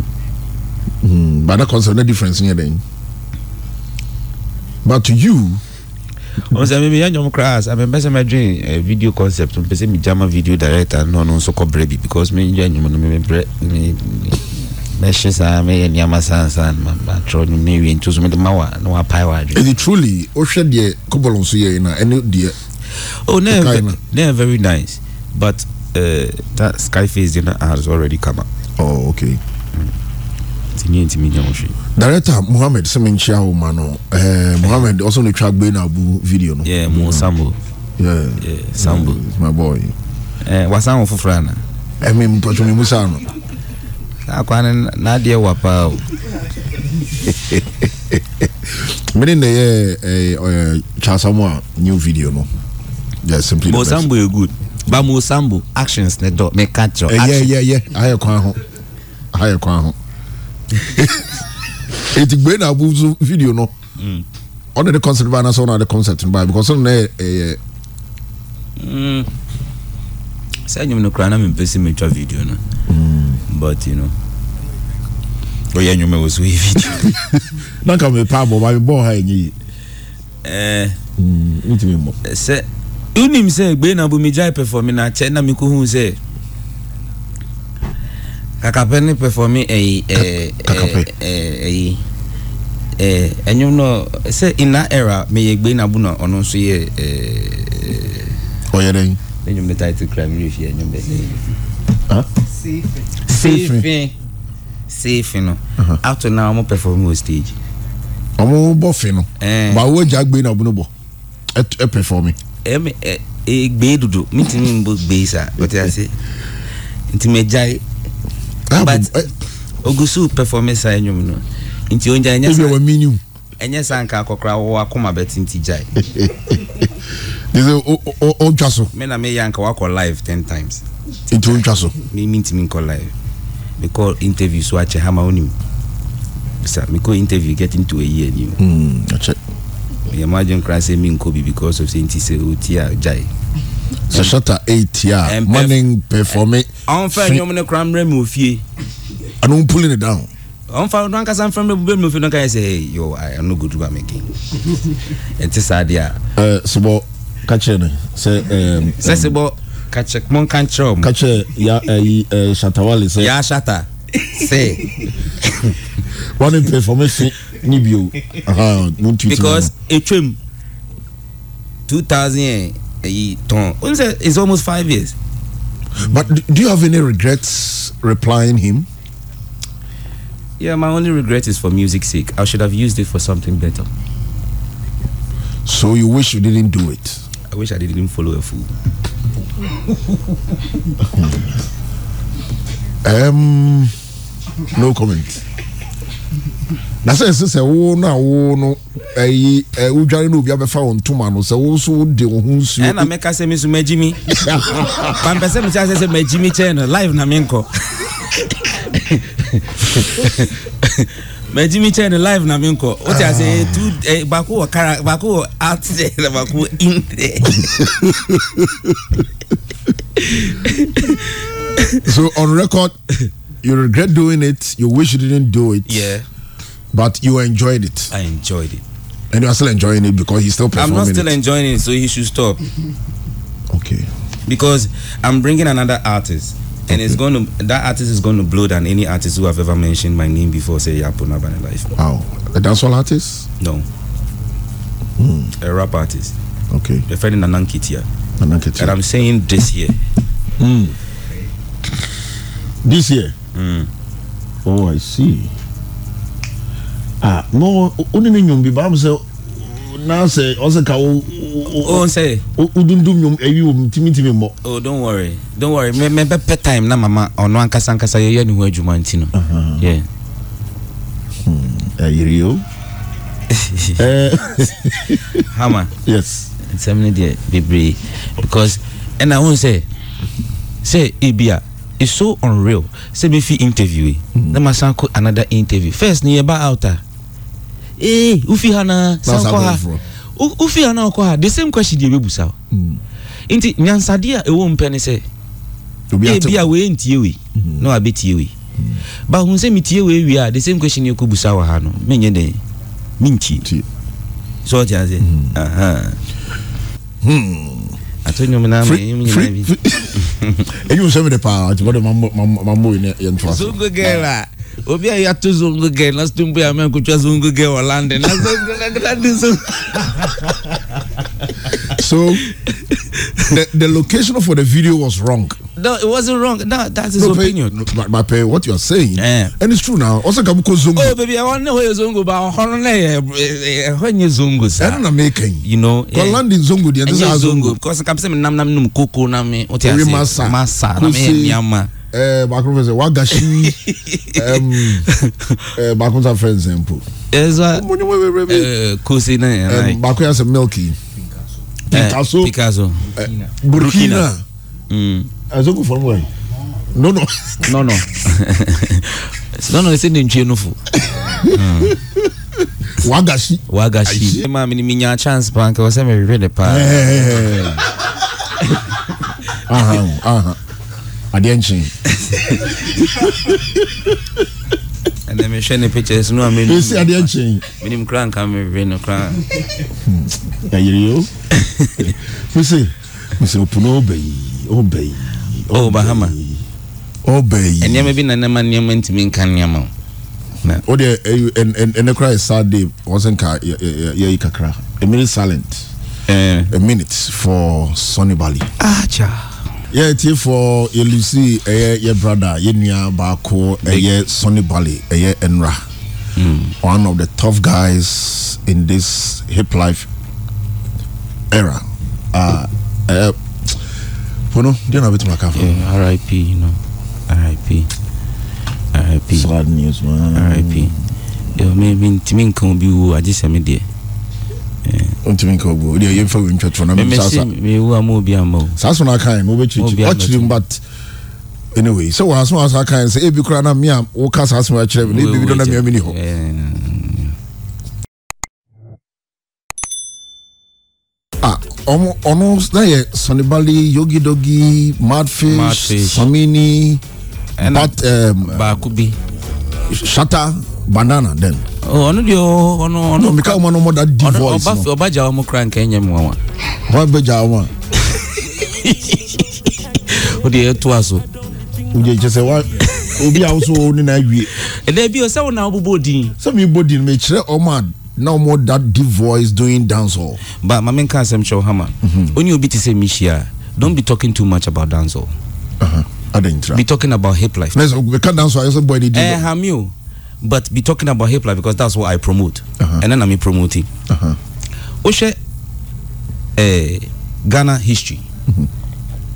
Hmm. but that causes no difference near then. But to you, wọn sẹ mímí yẹn nyɔm kura as abẹ mbẹsẹ mẹ dwen ẹ video concept mpẹ sẹ mi jama video director náà ọ̀nà nso kọ brẹ because mi n yẹ nyọm no mi brẹ mi mẹ ṣe saa mẹ yama san san. saa ma ma tọrọ ní mi wíyẹn tó so mi de ma wa na wa pa wa adwe. èyí truly ó hwẹ́ deɛ kọ́bọ̀lù nso yẹ yìí na ẹni deɛ Oh, they're, they're very nice, but uh, that Skyface dinner has already come out. Oh, okay. Mm. Director Mohammed Semenchia Umano, uh, eh, eh. Mohammed also the track Benabu video. No? Yeah, Mo mm. Sambo. Yeah, yeah Sambo. Yeah, my boy. Uh, eh, Wasan Fufrana. I mean, Patroni Musano. Akwan Nadia Wapao. mene na ɛyɛ charles amoa new video no Yeah, simply the best. Mosambo good. But Mosambo actions ne do me catch eh, your Yeah, yeah, yeah. I have ho. I have ho. Eti gbé na abu so video no. Ɔno mm. the concept ba anaasɛ ɔno de concept ba because ɔno na ɛyɛ. Sɛ ɛnyɛm no kura na mi mpɛ si mi twa video no. Mm. But you know. Oyɛ ɛnyɛm ɛwɔ so yɛ video. Nanka mi pa abɔ ba mi bɔ ha ɛnyɛ yi. Ɛɛ. Ntumi mɔ. Sɛ. unim sɛ gbe na bumigya na kyɛ na mi sɛ kakapɛ ne pɛfɔmi ɛyi ɛyi ɛɛ no sɛ ina era meyɛ gbe na bu na ɔno nso yɛ ɔyɛ e, dɛ. ɛnyɛm de title kura mi refi ɛnyɛm de ɛyɛ. no ato na ɔmo pɛfɔmi wɔ stage. ɔmo bɔ fin no. Eh. ba wo na no bɔ ɛmɛ ɛ egbe dodo mi ti mi bo gbe sa o a se nti mɛ gya ye but ogusu performance a enyom no nti o gya ɛnyɛ sa ɛnyɛ sa nka akɔkora wɔ akoma bɛ ti nti gya ye. ɛsɛ o o twa so. mɛ na mɛ ya nka wakɔ live ten times. nti o twa so. mi mi ti mi nkɔ live mi kɔ interview so akyɛ hama onim bisa mi kɔ interview get into a year ni. Mm, yɛ mo adwene kora sɛ menkɔ bi because of sɛ nti sɛ ɔti a gyae sɛ shata 8 a mane pɛfɔme ɔmfa nnwom no kora mmerɛ me ofie ano mpuli it down ɔmfa no ankasa mfa mmerɛ bubɛ me ofie no ka yɛ sɛ yo I'm not good to me again ɛnte saa deɛ a sobɔ ka kyerɛ no sɛ sɛ sebɔ ka kyerɛ monka nkyerɛ ɔm ka kyerɛ ya ayi shatawale sɛ ya shata sɛ wane pɛfɔme fi ni bi o because etwem two thousand eyi tɔn o n sɛ it's almost five years. but do you have any regrets replying him. yeah my only regret is for music sake i should have used it for something better. so you wish you didn't do it. i wish i didn't follow a fool. um, no comment na sɛ ɛsɛ sɛ wo na wo no ayi ɛ wodware na obi abɛfa wɔn ntoma no sɛ wo de wo ho nsuo. ɛna mɛka sɛ mi nso mɛgyi mi pampɛ mi sɛ sɛ mɛgyi mi kyɛn no live na mi nkɔ mɛgyi mi kyɛn no live na mi nkɔ o ti a sɛ ah. tu ɛ eh, baako wɔ kara baako wɔ out there na baako wɔ in there. so on record you regret doing it you wish you didn't do it. Yeah. But you enjoyed it. I enjoyed it. And you are still enjoying it because he's still performing. I'm not still it. enjoying it, so he should stop. okay. Because I'm bringing another artist. And okay. it's going to that artist is going to blow than any artist who have ever mentioned my name before. Say Yapuna Van Life. Wow, a dancehall artist? No, mm. a rap artist. Okay, referring Nanan Kitia. Nanan Kitia. And I'm saying this year. Mm. This year. Mm. Oh, I see. ah no wone bi baamu sɛ na ɔsɛ ka wo o oh, sɛ wodundum nnwom awi wɔ mtimitimi mmɔ oh don't worry don't worry mɛbɛpɛ time na mama ɔno oh, ankasa ankasa yɛyɛ ne ho adwuma nti no yeah ayiri o hama yes nsɛm no deɛ bebree because ɛna eh, wo sɛ sɛ ebia it's so unreal sɛ fi interview yi eh. hmm. na masan kɔ another interview first ne ba out a ee eh, ufi ha na sankɔ ha ufi ha na ɔkɔ ha the same question deɛ ebebusa hmm. nti nyansadeɛ a ɛwɔ mpɛ ne sɛ ebi a wei ntie wei hmm. na wa betie wei hmm. ba hun sɛ mitie wei wie a the same question yɛ kɔ busa wɔ ha no menyɛ dɛn mintie so ɔte ase ato nnwom na ama ɛnyim nyinaa bi ɛnyim sɛ mede paa nti wɔde mambo yi ne yɛntoa so good girl a obi a yàtò zongo gẹ na sọ mbọ ya mẹ nkutwa zongo gẹ wọ london na sọ nkutwa di so. so the the location for the video was wrong. no it wasnt wrong no that's his no, opinion. Pay, no my pay what you are saying. Yeah. and it's true now ọsàn kàmú kó zongo. oh baby ẹwọn náà wọ́n yẹ zongo ba ọ̀hún náà yẹ ẹ̀hún yẹ zongo sa. ẹnu na mi kàn. you know kọ landing zongo diẹ ní sá zongo. ẹ̀yẹ zongo kọ́sìn kàmú sẹ́mi nam nam num kókó nam mi. o ti à se masa kó se masa na eh, miama baako fɛ sɛ wagasi baako nsa fɛ nsɛn po. ɛzwa ɛɛ kosi na yɛrɛ. baako y'a sɛ milki. picasso picasso eh, burkina. ɛzɛ ko fɔlɔ mu ayi. nɔnɔ. nɔnɔ nɔnɔ ɛsɛ ne ntue no fo. wagasi. wagasi. maa mi ni mi nya chance pan kɛ ɔsɛ mi hwehwɛ de paa adeɛ nkyɛn ɛnna mi hwɛ ne pictures nu a mi nu esi adeɛ nkyɛn mi ni mu kura nka mi hwɛ no kura. yayiri o mese mese opunu obeyi obeyi. o bahama obeyi. nneɛma bi na nneɛma nneɛma ntumi nka nneɛma o. o de ɛyu ɛnɛ kura yɛ sad day wɔn sɛ nka yɛyi kakra a minute silent. a minute for sunny valley. ah yɛ tie fɔ yɛlusi ɛyɛ yɛ brada yɛ nua baako ɛyɛ sunny bali ɛyɛ eh, enra mm. one of the tough guys in this hip life era uh, ah, ɛɛ eh, pono deɛ na bɛtumi aka fɔ. rip you know rip rip sad news man rip ɛɛ mi ntumi nkan bi wo agye sɛmi deɛ. Eh. ntumi nka ogu odi eyi nfa wo ntwa toro na sasa mewu a mo obi ama o saa na aka yi mo bɛ kyerɛkyerɛ ɔkyerɛ mu but anyway sɛ wɔn aso aso aka yi sɛ ebi kura na mi a wɔka saa asoma akyerɛ mi na ebi bi dɔn na mi mi ni hɔ. ɔmo ɔno na yɛ yogi dogi madfish, madfish. samini bat ɛɛm um, baako bi shata bandana then. ɔno oh, deɛ ɔno ɔno mika wɔn ɔmo da di voice oh, no ɔba gya wɔn kura nka ɛnyɛ mu wɔn. wọn bɛ gya wɔn. o de yɛ to a so. o de kyerɛ sɛ wa obi a woso ne na awie. ɛdɛ eh, bi o sɛ wọn na bɔ din. sɛ mi bɔ din mɛ kyerɛ ɔmo a na ɔmo da di voice doing dance hall. ba maame nka asɛm kyerɛ hama. Mhm. onye obi ti sɛ mi hyia don be talking too much about dance hall. Uh -huh. be talking about hip life. mɛ sɛ o bɛ ka dance hall ayɛ sɛ bɔ di. ɛɛ hami o. but be talking about hip life because that's what I promote. Uh-huh. And then I'm promoting. Uh-huh. Eh, Ghana history. Mm-hmm.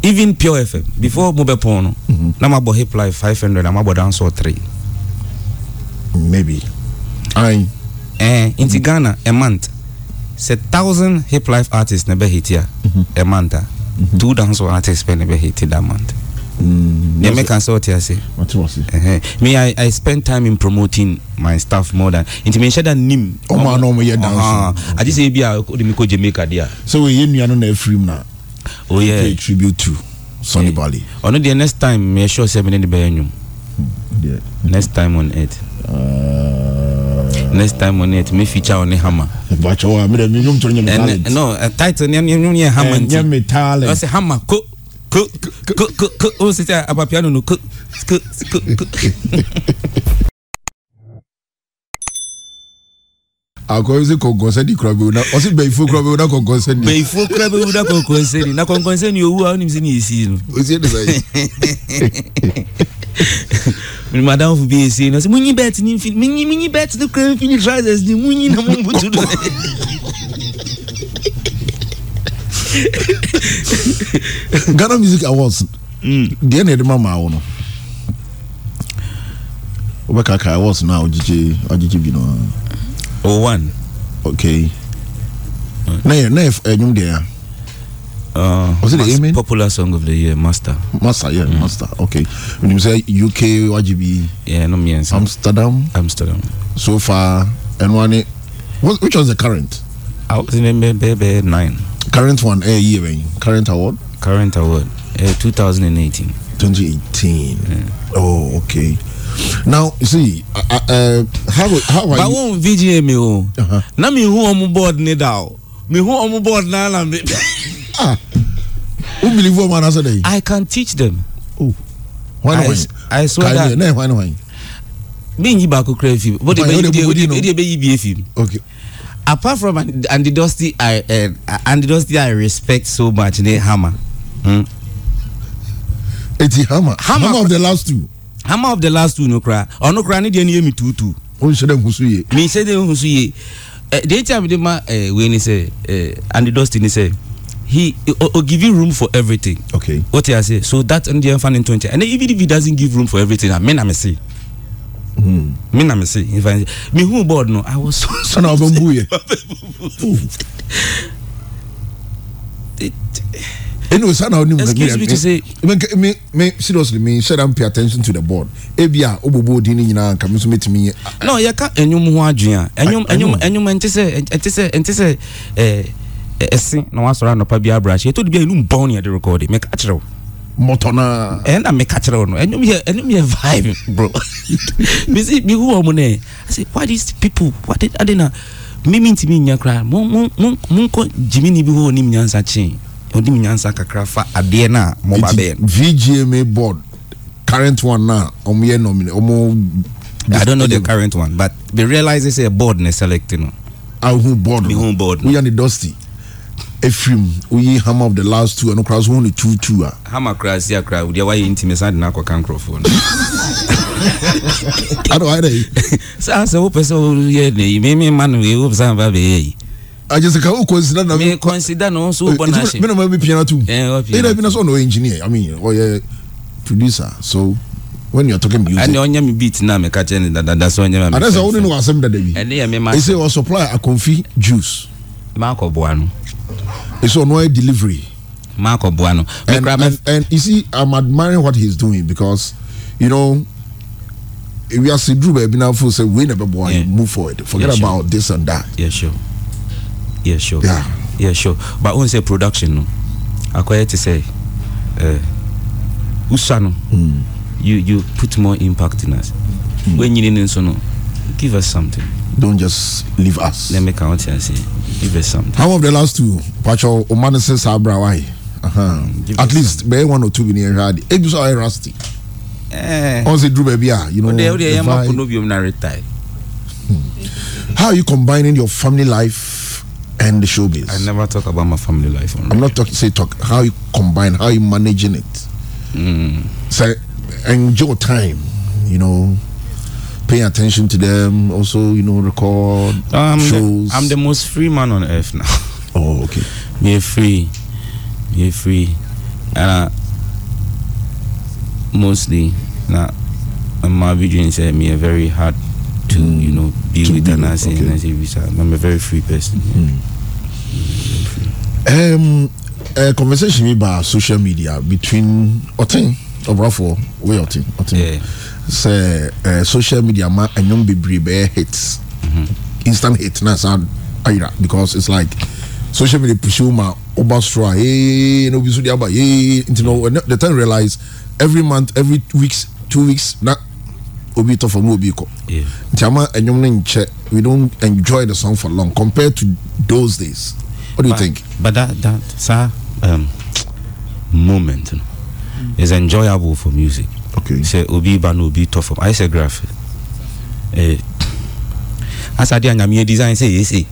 Even Pure FM, before Mobile Porno, mm-hmm. I'm about hip life 500, I'm about dance or three. Maybe. I. Eh, in mm-hmm. Ghana, a month, it's a thousand hip life artists never hit here. Mm-hmm. A month. Ah. Mm-hmm. Two dance artists never hit that month. deɛ mm, mɛka sɛ wote ase me I, spend time in promoting my staff more than nti menhyɛ da nim ɔma na ɔmyɛ da agye sɛ bi a wode mekɔ jamaica deɛ a sɛ wɔyɛ nnua no na afiri m na ɔyɛ oh, tribute to sonny bally ɔno deɛ next time meyɛ sure sɛ mene ne bɛyɛ nnwom hmm, next time on earth uh, next time on it me feature on the hammer bacho wa me me nyum to nyam no title nyam nyam nyam hammer eh, nyam metal ɔsɛ hammer ko que, que, que, que, que, oh, c'était à, à piano, non, ah, que, que, que, que. akɔyɛ sɛ kɔnkɔnsɛni kura bɛ wuna ɔsi bɛyifo kura bɛ wuna kɔnkɔnsɛni. bɛyifo kura bɛ wuna kɔnkɔnsɛni na kɔnkɔnsɛni owu oh, awo ah, nimisɛn ni esi yen. o se de sayi. madame fu bi esi yen nɔ munyi bɛɛ ni nfin munyi munyi bɛɛ ni kura nfin trousers ni munyi na mun butu dɔn. ghana music awards mm. deɛ na yɛde ma maa wo no wobɛkaka awards no a wogyegye bi no o oh, one okay na yɛ na yɛ ɛnwom deɛ Uh, it the Amen? Popular song of the year, Master. Master, yeah, mm. Master. Okay. When you say UK, YGB. Yeah, no, me Amsterdam. Amsterdam. So far, and one. Eh, which was the current? I was in MBB nine current one ẹ yí ẹ current award. current award ẹ two thousand and eighteen. twenty eighteen oh okay now you see uh, uh, how how are but you. báwo vga mi o na mi hu ọmú board ni da o mi hu ọmú board na na mi. who believe woman anasa de. i can teach them. oh why not why. i swear that. Ne, why not why. mi n yi baako kura efim. o de bẹ yi bi efim. okay apart from Andy Dusty, I uh, Andy Dusty, I respect so much. Ne Hammer. Hmm? Eti Hammer. Hammer. Hammer of the last two. Hammer of the last two no kra. Ono oh, kra ne de ne mi tutu. O nse de husu ye. Mi nse de husu ye. Eh de time de ma eh we ni say eh Andy Dusty ni say he will give you room for everything. Okay. What I say. So that Indian fan in twenty, And even if he doesn't give room for everything, I mean I'm a say. Hmm. mi na mi se evangelist mi hu board no i was so so na ọbẹ mbu yẹ ẹni o sanna ọni mu na mi mi mi seriously mi ṣe dan pay attention to the board ebi a o bobo odi ni nyinaa nka mi nso mi ti mi yẹ. náà yẹ ká ẹnyọm ho adùn a ẹnyọm ẹnyọm ẹnyọm ẹn ti sẹ ẹn ti sẹ ẹn ti sẹ ẹ eh, ẹsìn eh, na wọn asọrọ anọpa bi abúlé ahyẹ ètò ìdìbò yẹn inú bọ́ọ̀nì ẹ̀dẹ̀ rẹkọ̀dì mẹ́ka mɔtɔ naa. ɛn na eh, mi ka kyerɛ wɔn no yɛ ɛnum yɛ vibe bro mi si mi hu wɔn nɛ i say why these people what did adi na mímí ntumi nya kura mo mo mo mo nkɔ jimini bi hɔ onim nyansa kyen onim nyansa kakra fa adeɛ na mo ba bɛyɛ no. vgma board current one na ɔmo yɛ nominate ɔmo. i don't know the current one but they realize say board na select no. ahun board no ahun board no wúyà ni dusty efirim oyi hammer of the last two ɛno kora so wɔn ne two two a. Ah. hammer kora si akora deɛ wayɛ ntumi san de n'akɔ kan nkurɔfoɔ no. ado ayɛ dɛ yi. saa sɛ wopɛ sɛ woyɛ ne yi mímí ma no yi wopɛ sɛ anfa bɛ yɛ yi. ajẹsẹ ka o oh, consider na. mi consider na o so bɔ na se. mi na ma mi piano tu. ɛ o piano tu. e yɛrɛ bi na sɔ n'o engineer i mean ɔyɛ oh, producer so when you are talking music. ɛni ɔnyɛ mi beat na mi ka kyɛn ni dadada sɛ ɔnyɛ mi. adasa o ni ni wa asɛm dada bi. ɛni yɛ mi ma se. ese wɔ supply akonfi juice. maa kɔ It's on why delivery. Marco Bueno. And, and, and you see, I'm admiring what he's doing because, you know, if you are Sidru baby now for say we never boy yeah. move forward. Forget yeah, sure. about this and that. Yeah, sure. Yeah, sure. Yeah. Yeah, sure. But when say production no, acquire to say uh usano. Mm. You you put more impact in us. Mm. When you didn't so no Give us something. Don't just leave us. Let me count and say, give us something. How of the last two? Pacho Omanese Sabra, why? Uh-huh. At least, be one or two in here. It was all rusty. Eh. Also, Drew Babia, you know. The, the, vibe. Hmm. How are you combining your family life and the showbiz? I never talk about my family life. I'm not talking, say talk. How you combine, how you managing it. Mm. So, enjoy time, you know pay attention to them. Also, you know, record um, shows. The, I'm the most free man on earth now. Oh, okay. me free. me are free. Uh, mostly, now, nah, my vision said me a very hard to, mm. you know, be to with be, and I okay. say, I'm a very free person. Mm. Um, a conversation about social media between or Obrafo, way Otin, a Yeah. sɛ uh, social media ma ɛnwom bebree bɛyɛ hits mm -hmm. instant hit na sa ayira because it's like social media push ma oba straw hey no bi so di aba hey nti no the time realize every month every weeks two weeks na obi tɔ fam obi kɔ nti ama ɛnwom no nkyɛ we don't enjoy the song for long compared to those days what do you think. but that that saa um, moment no, is enjoyable for music sɛ obi ba na obi tɔ fam ayɛ sɛ graph eh, asade a nyameɛ design sɛ yɛse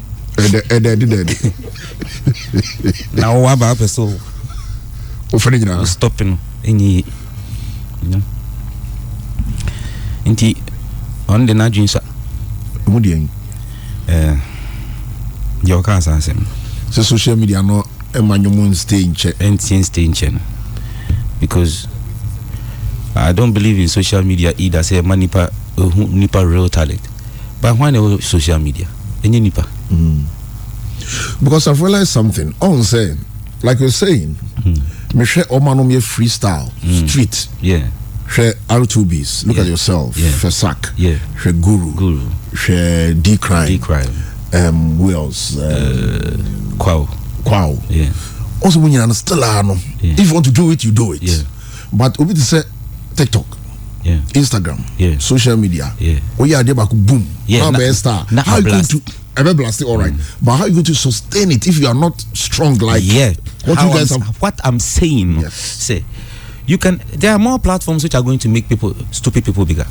ɛdɛdedɛde na wɔwɔ aba apɛ sɛ wofɛ no nyinaa stop no ɛnyɛ ye nti ɔno de n'adwene sa ɛmu deɛ deɛ ɔka asa asɛm sɛ social media no ɛma nwomu nstay nkyɛ ɛntie nstay nkyɛ no because I don't believe in social media either. Say man nipa uh, nipa real talent, but why no social media? Any nipa? Mm. Because I've realized something. On say, like you're saying, hmm. me share omanom ye freestyle mm. street. Yeah. Share R2Bs. Look yeah. at yourself. Yeah. Share Sack. Yeah. Share Guru. Guru. Share D Crime. D Crime. Um, who else? Uh, uh, um, Quao. Yeah. Also, when you're still, I know. If you want to do it, you do it. Yeah. But Obi say tiktok yeah. instagram yeah. social media yeah. oyè adé baako boom yeah, now bẹ́ẹ̀ star na how you go to ebe blast it alright mm. but how you go to sustain it if you are not strong like yeah. what how you guys I'm, have what i'm saying yes. say you can there are more platforms which are going to make people stupid people bigger.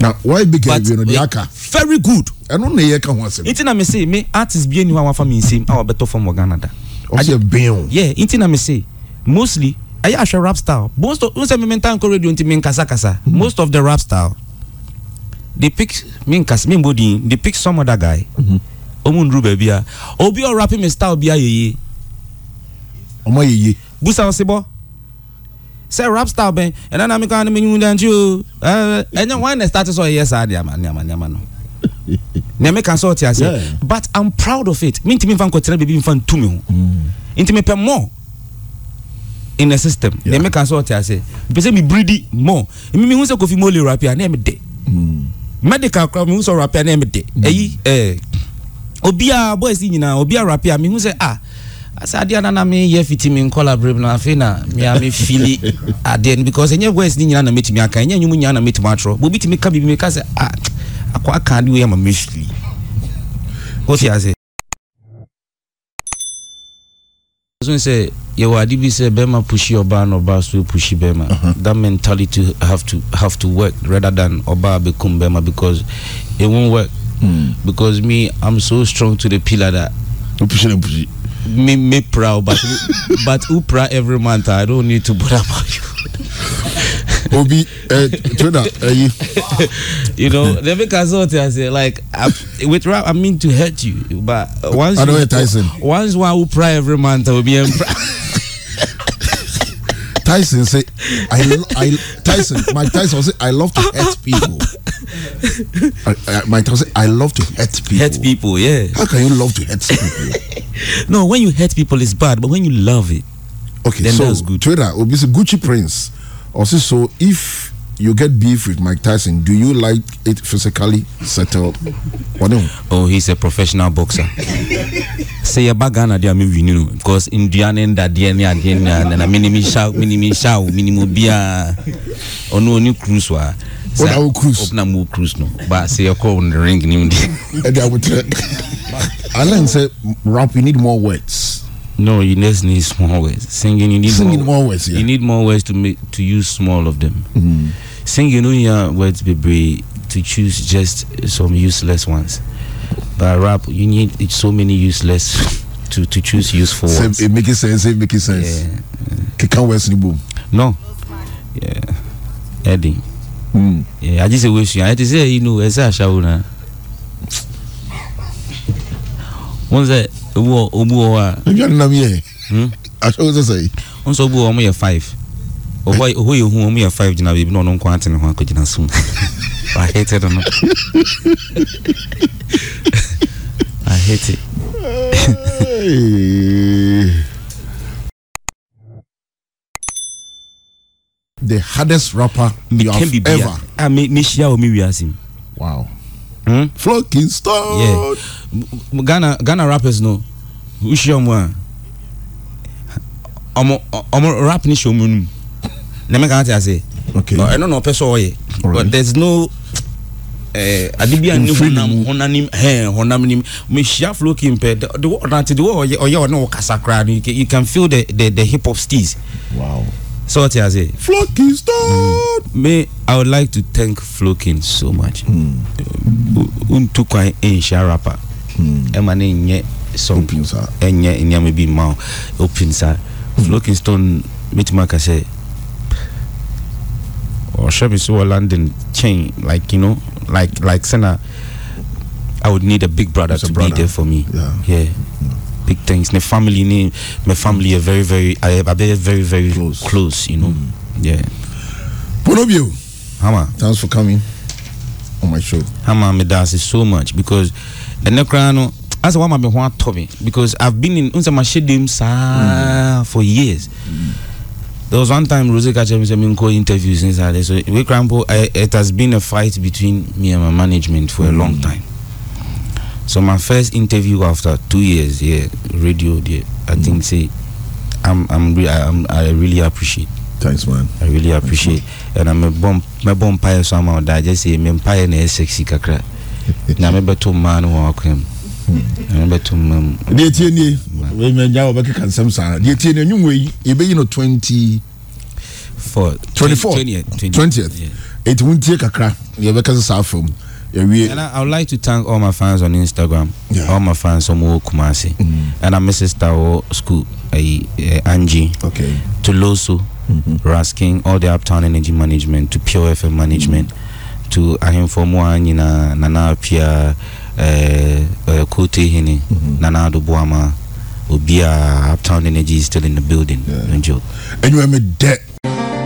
na why bigger you know the aka. very good. ẹnu na yẹ ka ho asem. ntina mi se mi artist bi eniyan wa fa mi nsem a wa bẹ tọ fọm wọ ghana da. ọsẹ bẹn o. yeah ntina mi se mostly ɛyɛ ahwɛ rap style most of nsɛm mi nta nkɔ radio nti mi nkasakasa mhm. most of the rap style they pick mi nkasa mi mbɔ din they pick some other guy ɔmu mhm. nduru baabi a obi ɔrapi mi style bi ayɛ yie ɔmɔ yɛ yie busa ɔsi bɔ sɛ rap style bɛn ɛnna na mi kɔ mi enyimu dantsi o ɛɛ ɛnyɛ wɔn na start sɔ ɛyɛ saa nneɛma nneɛma nneɛma no nneɛma kan sɔ ɔte ase but i'm proud of it mi ntumi nfa nkɔtɛrɛ beebi nfa ntumi ho mm. ntumi pɛ more in the system yeah. na meka nso ɔte ase mpɛ sɛ mebridi more ɛmi mehu sɛ kofi mole rapi a na ɛme de hmm. medical kora mehu sɛ rapi a na ɛme de ɛyi hmm. ɛɛ eh, eh. obiara ah, boys nyinaa obiara ah, rapi a mehu sɛ ah asa adeɛ ah, nana mi yɛ fiti mi nkola bere mu na afei na mia mi fili adeɛ no because ɛnyɛ boys ni nyinaa na mi aka ɛnyɛ enyim nyinaa na metumi atwerɛ bobi tumi ka bibi mi ka sɛ ah akɔ aka adeɛ yɛ ma mi fili o ti ase. so he said, ade bi say Bema pushi Oba na ɔbaa pushi Bema. uh mm-hmm. -huh. that mentality have to have to work rather than Oba become Bema because it won't work mm. because me i'm so strong to the pillar that me me proud, but but who proud every month? I don't need to bother about you. Obi, uh, you. you know, they make us out and say like, I, with rap, I mean to hurt you, but once I know you, Tyson. Once one who pray every month, I will be impressed. Tyson say, I, lo- I Tyson, my Tyson say, I love to hurt people. I, I, Tyson say, I love to hurt people. Hurt people, yeah. How can you love to hurt people? no, when you hurt people, it's bad, but when you love it, okay, then so that's good. Twitter, Gucci Prince, also, so if you get beef with Mike Tyson. Do you like it physically set up? What? oh, he's a professional boxer. Say a bagana dia me winu because Indian da dia ni adia ni na minimi shaw minimi shaw minimo bia ono ni cruise wa. What I will cruise? a mu cruise no. But say a call on the ring ni undi. And I would. Alan "Rap, you need more words." No, you just need small words. Singing, you need Singing more, more words. Yeah. You need more words to make to use small of them. Mm-hmm. singing know your words bebree to choose just some useless ones but rap you need so many useless to to choose useful Same, ones. it making sense it making sense. kikan words ni boom. no yeah. Eddie. Mm. Yeah, I just say waste you. I just say you know ẹsẹ aṣawo na. wọ́n sẹ ewu ọ obu ọ wa. ebi ọ nínú mi yẹ. aṣawo sẹsẹ yìí. wọ́n sọ obu ọ ọmọ yẹ five ɔhɔ ɔhɔ yɛ hu ɔmu yɛ five gyina beebi na ɔno nko atene ho akɔgyina so mu hate it no I hate the hardest rapper you have be ever. Ah, me me share me wiasim. Wow. Hmm? Flo Kingston. Yeah. Ghana Ghana rappers no. Who share mo? Omo omo rap ni show nu na mɛka ate ase ɛno na ɔpɛ sɛ ɔyɛ but there's no eh, ade bi honam honanim hɛn eh, honam nim mehyia flow king pɛ the word nante the word ɔyɛ ɔne wɔ kasa koraa no you can feel the the the hip hop steez. wow so ɔte ase. flow king stone. Mm. me i would like to thank flow so much. Hmm. Untu kwa nhyia rapper. Hmm. ɛma ne nyɛ song ɛnyɛ nneɛma bi ma o opin sa hmm. flow king stone metima kasɛ or should be so landing chain like you know like like Senna I would need a big brother Mr. to brother. be there for me yeah, yeah. yeah. big things my family name my family are very very I are very very very close, close you know mm-hmm. yeah Bonobio Hama thanks for coming on my show Hama me dance so much because and the crown as one my be one because I've been in unsa my shadim mm. for years mm there was one time Rosie Kachem said Minko interviews inside So we crumble. it has been a fight between me and my management for a mm. long time. So my first interview after two years, yeah, radio, yeah, I mm. think say, I'm, I'm, I'm, I really appreciate. Thanks, man. I really appreciate. and I'm a bomb, my bomb pie somehow that I just say, I'm is sexy kakra. Now I'm a better man who I deɛ tie nie mɛnya wɔbɛkeka nsɛm saa deɛ tie nie anwummerɛ yi yɛbɛyi no 20 20th ɛti wontie kakra yɛbɛka sɛ saa fam And I, would like to thank all my fans on Instagram, all my fans on Kumasi, and i miss Mrs. Tao School, uh, Angie, okay. to Loso, mm-hmm. Raskin, all the Uptown Energy Management, to Pure FM Management, to hmm to Ahim Fomuan, Nana Pia. uh, uh, Kuti Hini, mm -hmm. Nana Adubuama, Ubia, Uptown Energy is still in the building. Yeah. Don't joke. And you have a debt.